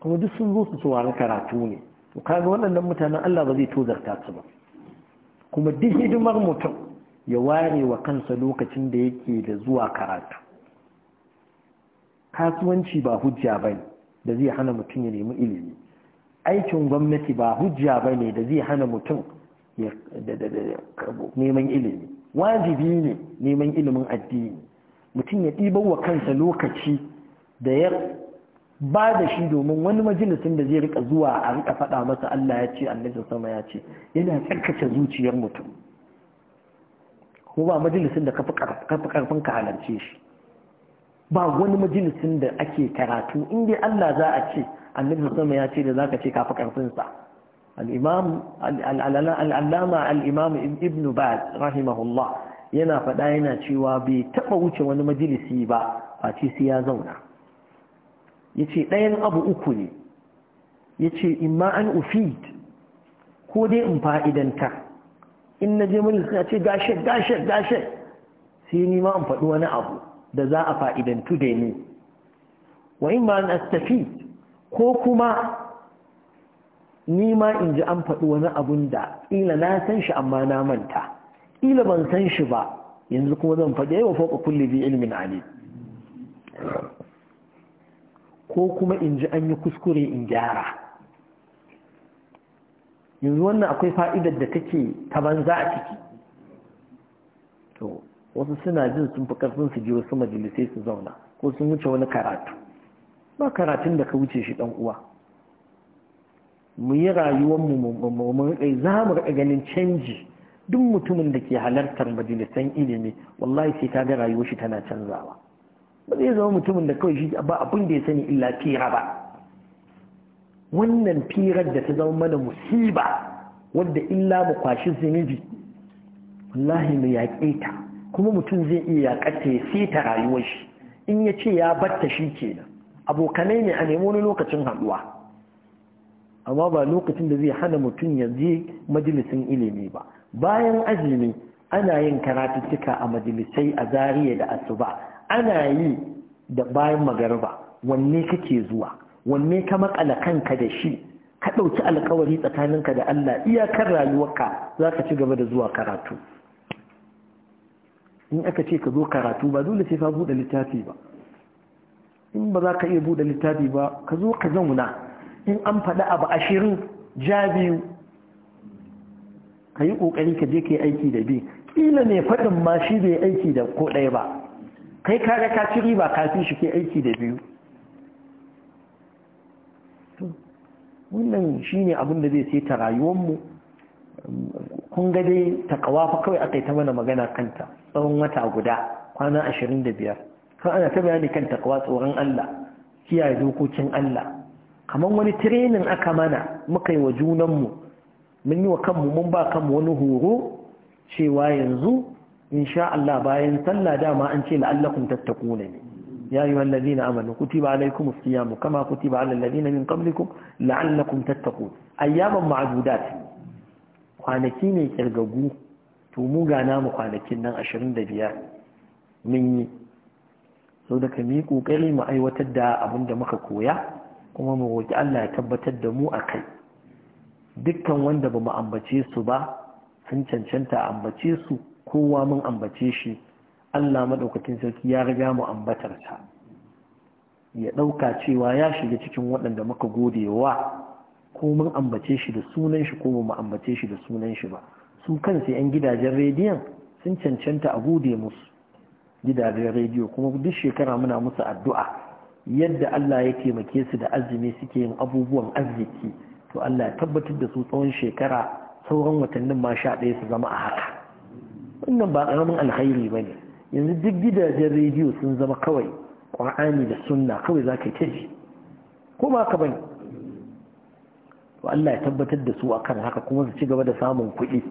kuma duk sun zo su tsoron karatu ne to kaga waɗannan mutanen Allah ba zai tozarta su ba kuma duk hidimar mutum ya ware wa kansa lokacin da yake da zuwa karatu kasuwanci ba hujja ba ne da zai hana mutum ya nemi ilimi aikin gwamnati ba hujja ba ne da zai hana mutum neman ilimi wajibi ne neman ilimin addini mutum ya ɗiba wa kansa lokaci da ya ba da shi domin wani majalisin da zai rika zuwa a rika faɗa masa Allah ya ce annabi sama ya ce yana tsarkace zuciyar mutum ko ba majalisin da kafi karfin ka halarce shi ba wani majalisin da ake karatu in dai Allah za a ce annabi sama ya ce da zaka ce kafi karfin sa al-imam al-allama al-imam ibn baz rahimahullah yana faɗa yana cewa bai taɓa wuce wani majalisi ba face sai ya zauna yace ɗayan abu uku ne yace imma an ufid ko dai in fa'idanta in na je mulki a ce gashe gashe gashe sai ni ma in faɗi wani abu da za a fa'idantu da ni wa in an astafid ko kuma ni ma in ji an faɗi wani abun da ƙila na san shi amma na manta ƙila ban san shi ba yanzu kuma zan faɗi yawa fauka kulli bi ilmin ali ko kuma in ji an yi kuskure in gyara yanzu wannan akwai fa'idar da take ta banza a ciki to wasu suna jin sun fi ƙarfin su je wasu majalisai su zauna ko sun wuce wani karatu ba karatun da ka wuce shi ɗan uwa mu yi rayuwar mu za mu raka ganin canji duk mutumin da ke halartar majalisan ilimi wallahi sai ta ga rayuwar shi tana canzawa ba zai zama mutumin da kawai shi ba abin da ya sani illa fira ba wannan firar da ta zama mana musiba wadda illa mu kwashi zunubi wallahi mu yaƙe ta kuma mutum zai iya yaƙar ta ya ta rayuwar shi in ya ce ya batta shi kenan abokanai ne a nemo wani lokacin haɗuwa amma ba lokacin da zai hana mutum ya je majalisin ilimi ba bayan azumi ana yin karatuttuka a majalisai a zariya da asuba ana yi da bayan magarba wanne kake zuwa wanne ka makala kanka da shi ka ɗauki alkawari tsakaninka da Allah iyakar rayuwarka za ka ci gaba da zuwa karatu in aka ce ka zo karatu ba dole sai ka buɗe littafi ba in ba za ka iya buɗe littafi ba ka zo ka zauna in an faɗi abu ashirin ja biyu ka yi ƙoƙari ka je ka yi aiki da bi ƙila ne faɗin ma shi bai aiki da ko ɗaya ba kai kaga ka ci riba kafin shi ke aiki da biyu wannan shine abin da zai seta rayuwarmu kun ga dai takawa fa kawai aka ta mana magana kanta tsawon wata guda kwana ashirin da biyar kan ana ta bayani kan takawa tsoron Allah kiyaye dokokin Allah kamar wani tirenin aka mana muka yi wa junanmu mun yi wa kanmu mun ba kanmu wani horo cewa yanzu sha Allah bayan sallah dama an ce la'allakum tattaquna ne ya ayyuha allazina amanu kutiba alaykumus siyamu kama kutiba alal ladina min qablikum la'allakum tattaqun ayyaman ma'dudat kwanaki ne kirgagu to mu ga namu kwanakin nan 25 mun yi so da kami kokari mu aiwatar da abin da muka koya kuma mu roki Allah ya tabbatar da mu akai dukkan wanda bamu ambace su ba sun cancanta ambace su kowa mun ambace shi Allah maɗaukakin sarki ya riga mu ambatar ambatarsa ya ɗauka cewa ya shiga cikin waɗanda muka gode wa ko mun ambace shi da sunan shi ko mu ambace shi da sunan shi ba su kansu 'yan gidajen rediyon sun cancanta a gode musu gidajen rediyo kuma duk shekara muna musu addu'a yadda Allah ya taimake su da azumi suke yin abubuwan arziki to Allah ya tabbatar da su tsawon shekara sauran watannin ma sha ɗaya su zama a haka wannan ba ƙaramin alkhairi ba ne yanzu duk gidajen rediyo sun zama kawai ƙwa'ani da sunna kawai za ka yi ta ko ba ka bane to Allah ya tabbatar da su akan haka kuma su ci gaba da samun kuɗi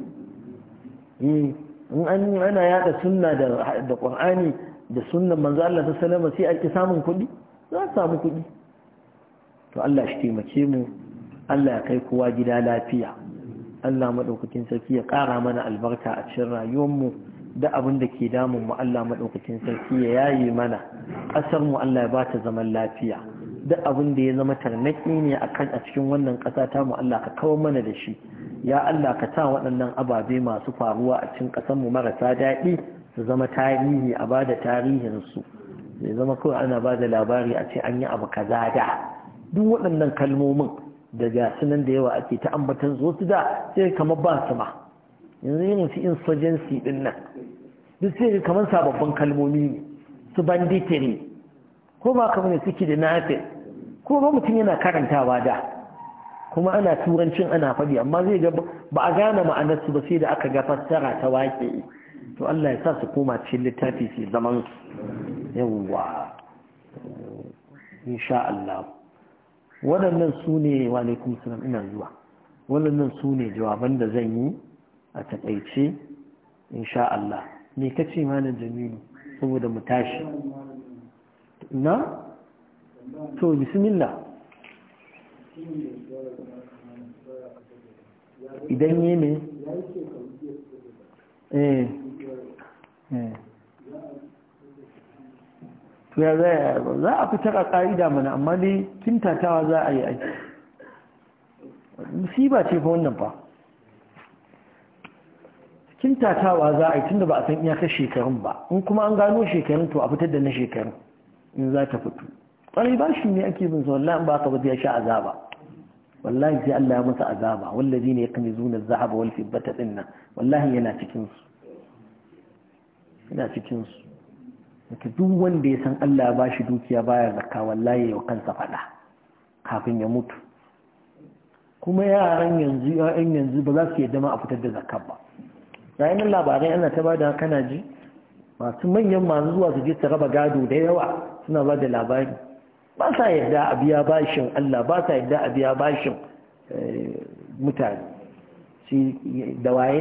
eh, in an ana yada sunna da da Qur'ani da sunnan manzo Allah ta salama sai ake samun kuɗi za su samu kuɗi to Allah shi taimake mu Allah ya kai kowa gida lafiya Allah maɗaukakin sarki ya ƙara mana albarka a cikin rayuwarmu da abin da ke damun mu Allah maɗaukakin sarki ya yaye mana ƙasar mu Allah ya bata zaman lafiya Da abin da ya zama tarnaki ne akan a cikin wannan ƙasa ta mu Allah ka kawo mana da shi ya Allah ka sa waɗannan ababe masu faruwa a cikin ƙasar mu marasa daɗi su zama tarihi a bada tarihin su zama kawai ana bada labari a ce an yi abu kaza da duk waɗannan kalmomin da gasu da yawa ake ta ambatan su da sai kamar ba su ma yanzu yin su insurgency din nan duk sai kamar sababbin kalmomi ne su banditiri ko ba kamar ne suke da nafi ko ba mutum yana karantawa da kuma ana turancin ana faɗi amma zai ga ba a gane ma'anarsu ba sai da aka ga fassara ta wake to Allah ya sa su koma cikin littafi su zaman yawwa insha Allah waɗannan su ne kuma ina zuwa waɗannan su ne jawaban da zan yi a taƙaice insha Allah me ka ce mana jamilu saboda mu tashi na to bismillah idan yi ne to ya za a fitar a ƙa'ida mana amma dai tintatawa za a yi aiki musiba ce fa wannan fa tintatawa za a yi tunda ba a san iyakar shekarun ba in kuma an gano shekarun to a fitar da na shekarun in za ta fito ƙwarai ba shi ne ake bin sa wallahi ba ka ba zai sha azaba wallahi sai Allah ya masa azaba wallazi ne ya kani zuna zahaba wal fibbata dinnan wallahi yana cikin su yana cikin su mutu duk wanda ya san Allah ba shi dukiya baya zakka wallahi ya kansa fada kafin ya mutu kuma yaran yanzu yayan yanzu ba za su yadda ma a fitar da zakka ba yayin labarai ana ta bada kana ji masu manyan masu zuwa su je su raba gado da yawa suna ba da labari ba sa yadda a biya bashin Allah ba sa yadda a biya bashin eh, mutane shi da waye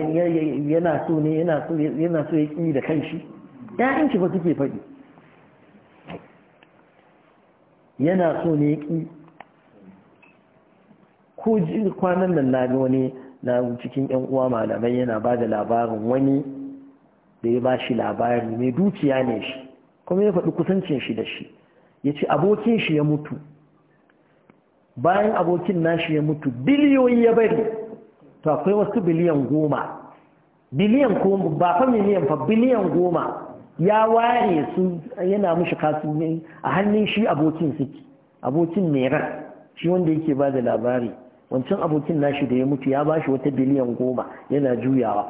yana so ne yana so ya ƙi da kanshi ‘ya'yan shi ba suke faɗi yana so ne ƙi ko kwanan nan na ga wani na cikin ‘yan uwa malamai yana ba da labarin wani da ya ba shi labari mai dukiya ne shi kuma ya faɗi kusancin shi da shi ya ce abokin shi ya mutu bayan abokin nashi ya mutu biliyoyi ya bari to akwai wasu biliyan goma biliyan ko ba fa miliyan fa biliyan goma ya ware su yana mushi kasu a hannun shi abokin suke abokin mai shi wanda yake ba da labari wancan abokin nashi da ya mutu ya bashi wata biliyan goma yana juyawa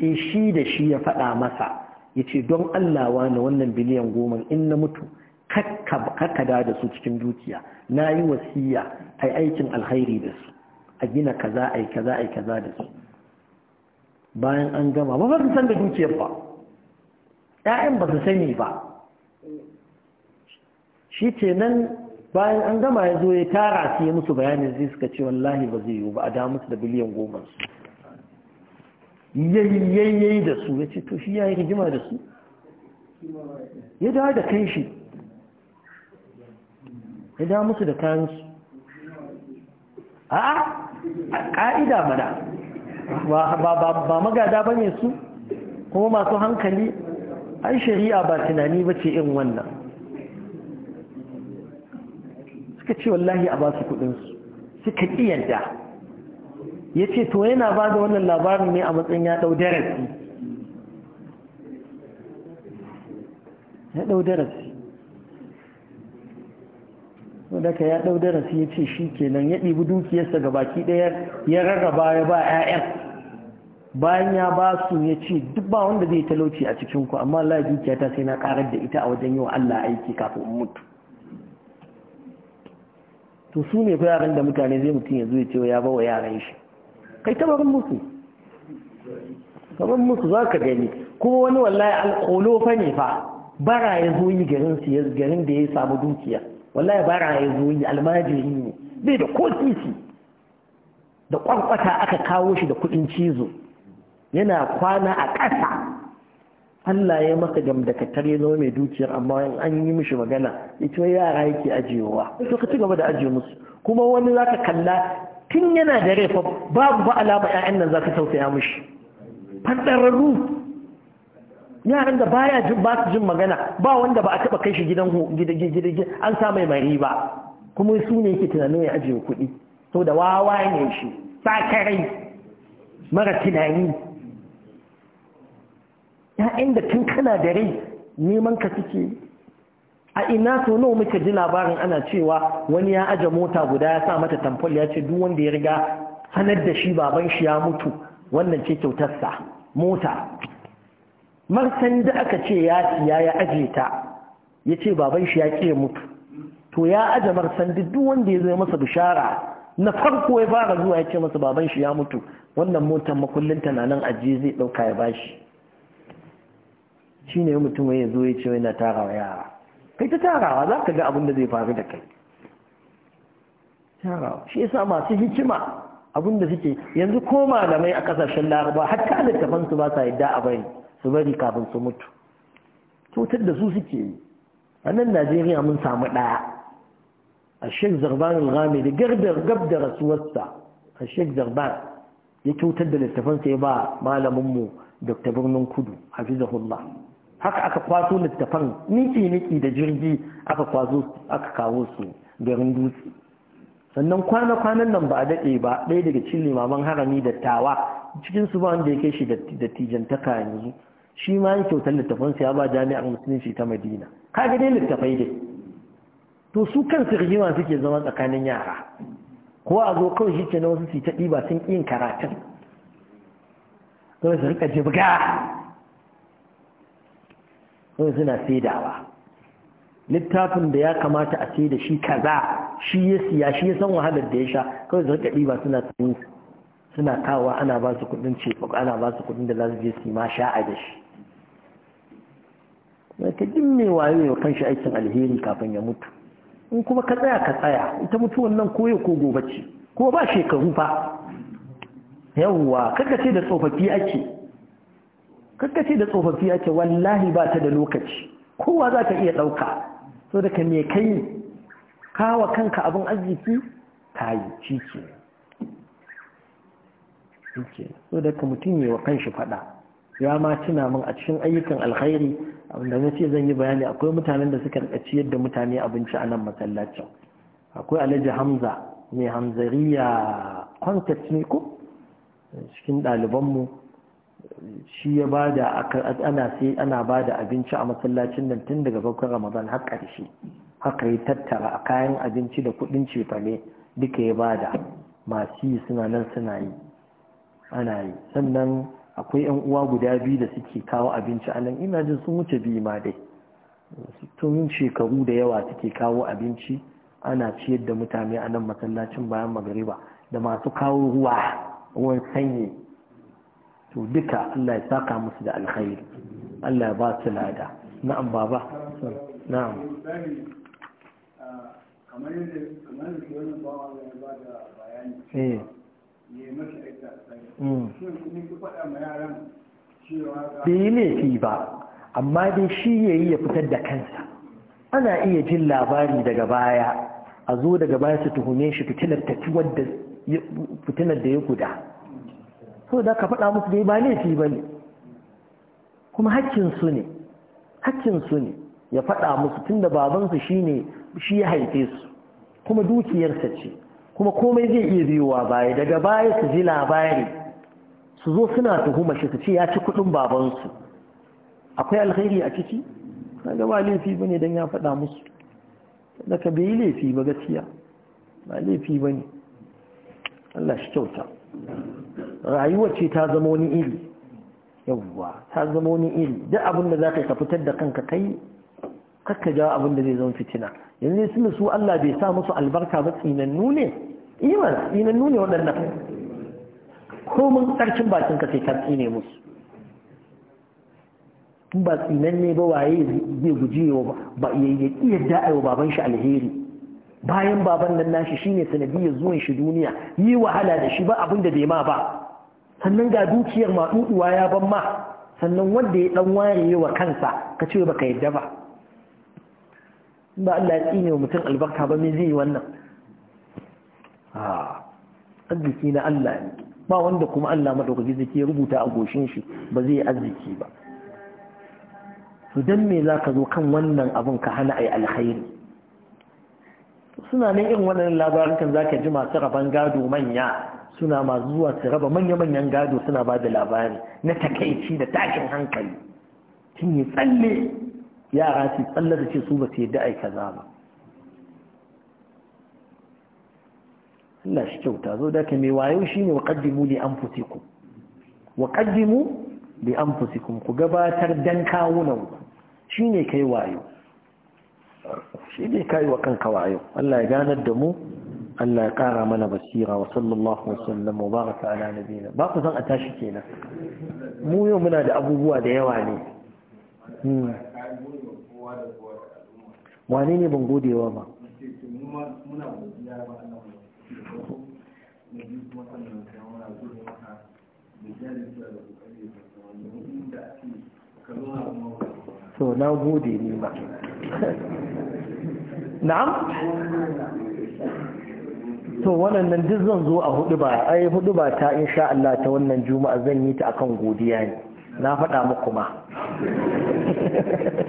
sai shi da shi ya faɗa masa ya ce don Allah wani wannan biliyan goma in na mutu kakkada da su cikin dukiya na yi wasiya a aikin alhairi da su a gina kaza a kaza a kaza da su bayan an gama ba ba san da dukiyar ba ‘ya'yan ba su sani ba shi ce nan bayan an gama ya zo ya tara su ya musu bayanin zai suka ce wallahi ba zai yi ba a da musu da biliyan goma su yayyayi da su ya ce to shi ya yi rigima da su ya da da kan shi ya da musu da kayansu a ƙa'ida mana ba magada ba ne su kuma masu hankali An shari'a ba tunani ba ce in wannan suka ce wallahi a ba su kudinsu suka ƙi ya ce to yana ba da wannan labarin ne a matsayin ya ɗau darasi ya ɗau darasi Wanda ka ya ɗau darasi ya ce shi kenan ya ɗibi dukiyarsa ga baki ɗaya ya rarraba ya ba 'ya'yan bayan ya ba su ya ce duk ba wanda zai talauci a cikinku amma Allah dukiya ta sai na karar da ita a wajen yi wa Allah aiki kafin mutu to su ne ku yaran da mutane zai mutum ya zo ya ce ya ba wa yaran shi kai ta barin musu barin musu za ka gani kuma wani wallahi alƙolo fa ne fa bara ya zo yi garin su garin da ya samu dukiya wallahi bara ya zo yi almajiri ne bai da ko da kwankwata aka kawo shi da kuɗin cizo yana kwana a ƙasa Allah ya maka gamdakatar ya zama mai dukiyar amma in an yi mishi magana ita yara yake ajiyewa ita ka ci gaba da ajiye musu kuma wani za ka kalla tun yana da rai babu ba alama ƴaƴan nan za ka tausaya mishi fadararru yaran da baya jin ba su jin magana ba wanda ba a taba kai shi gidan gida gida an sa mai mari kuma su ne yake tunanin ya ajiye kuɗi saboda wawa ne shi sakarai mara tunani ‘ya'yan da tun kana da rai neman ka suke a ina so nawa muka ji labarin ana cewa wani ya aje mota guda ya sa mata tamfol ya ce duk wanda ya riga sanar da shi baban shi ya mutu wannan ce kyautarsa mota marsan da aka ce ya siya ya aje ta ya ce baban shi ya ke mutu to ya aje marsan duk wanda ya zai masa bishara na farko ya fara zuwa ya ce masa baban shi ya mutu wannan motar makullin ta na nan ajiye zai ɗauka ya bashi shi ne mutum ya zo ya ce yana tara wa yara kai ta tarawa za ka ga abin da zai faru da kai tarawa shi yasa masu hikima abin da suke yanzu ko malamai a kasashen laraba hatta littafan su ba sa yadda a bari su bari kafin su mutu cutar da su suke yi a nan najeriya mun samu ɗaya a shek zarban rami da gardar gab da rasuwarsa a shek zarban ya cutar da littafansa ya ba malaminmu dr birnin kudu hafizahullah haka aka kwaso littafan niki-niki da jirgi aka kwazo aka kawo su garin dutse sannan kwana-kwanan nan ba a daɗe ba ɗaya daga cin limaman harami da tawa cikin su ba wanda ya kai shi da tijantaka yanzu shi ma ya kyautar littafansa ya ba jami'ar musulunci ta madina ka ga dai littafai dai to su su rigima suke zama tsakanin yara ko a zo kawai shi ke na wasu su ta ɗiba sun ƙin karatun kawai su rika jibga sun suna saidawa littafin da ya kamata a sai da shi kaza shi ya siya shi ya san wahalar da ya sha kawai zaka ɗiba suna tsayin suna kawo ana ba su kuɗin ce ana ba su kuɗin da za su je su ma sha'a da shi ka jin mai waye wa kanshi aikin alheri kafin ya mutu in kuma ka tsaya ka tsaya ita mutuwan nan koyo ko gobe ce ko ba shekaru fa yawwa kaga ce da tsofaffi ake ce da tsofaffi ake wallahi ba ta da lokaci kowa za ka iya ɗauka so da ka me kai kawa kanka abin arziki ta yi cike. so da ka mutum yi wa kanshi faɗa ya ma tuna min a cikin ayyukan alkhairi abinda na ce zan yi bayani akwai mutanen da suka rika ciyar da mutane abinci a nan masallacin akwai alhaji hamza mai hamzariya kwantat ne ko cikin ɗalibanmu shi ya da ana sai ana bada abinci a masallacin nan tun daga farkon Ramadan har ƙarshe haka ya tattara a kayan abinci da kuɗin cefane duka ya da masu yi suna nan suna yi ana yi sannan akwai yan uwa guda biyu da suke kawo abinci a nan ina jin sun wuce biyu ma dai tun shekaru da yawa suke kawo abinci ana ciyar da mutane a nan masallacin bayan magariba da masu kawo ruwa ruwan sanyi to duka Allah ya saka musu da alkhairi Allah ya ba su lada na'am baba na'am kamar yadda kamar yadda wannan bawa ya ba da bayani ne shi ku faɗa ma yaran cewa bai laifi ba amma dai shi ya yi ya fitar da kansa ana iya jin labari daga baya a zo daga baya su tuhume shi fitilar tafi wadda da ya guda so da ka faɗa musu dai ba laifi ba ne kuma haƙƙinsu ne haƙƙinsu ne ya faɗa musu tunda babansu shi ne shi ya haife su kuma dukiyarsa ce kuma komai zai iya biyowa baya daga baya su ji labari su zo suna tuhuma shi su ce ya ci kuɗin babansu akwai alkhairi a ciki kaga ba laifi ne don ya faɗa musu daga bai laifi ba gaskiya ba laifi ne Allah shi kyauta rayuwar ce ta zama wani iri yawwa ta zama wani iri duk abin da za ka ka fitar da kanka kai kakka jawo abin da zai zama fitina yanzu sun su Allah bai sa musu albarka ba tsinannu ne iman tsinannu ne waɗannan komin ƙarshen bakin ka sai ka tsine musu ba tsinan ne ba waye zai guji ba ya ƙi yadda a baban shi alheri bayan baban nan nashi shine sanadiyar zuwan shi duniya yi wahala da shi ba abin da bai ma ba sannan ga dukiyar ma duduwa ya ban ma sannan wanda ya dan ware wa kansa ka ce baka yadda ba ba Allah ya tsine wa mutum albarka ba me zai yi wannan ah arziki na Allah ne ba wanda kuma Allah madaukaki zai ya rubuta a goshin shi ba zai yi arziki ba to dan me zaka zo kan wannan abun ka hana ai alkhairi suna nan irin waɗannan labarukan za ka ji masu raban gado manya suna masu zuwa su raba manya-manyan gado suna ba da labari na takaici da takin hankali tun yi tsalle yara su tsalle da ce su ba su da'ai ka kaza ba Allah shi kyauta zo daga mai wayo shi ne waƙaddimu li an fusiku waƙaddimu li an fusi ku gabatar dan kawunan ku shi ne kai wayo shi ne kai wa kanka wa yau Allah ya ganar da mu Allah ya kara mana basira wa sallallahu wa sallam wa baraka ala nabiyina ba ku san a tashi kenan mu yau muna da abubuwa da yawa ne hmm. wane ne ban godewa ba so na gode ne ba na'am to wannan duk zan zo a hudu ba ai hudu ba ta insha Allah ta wannan juma'a zan yi ta akan godiya ne na faɗa muku ma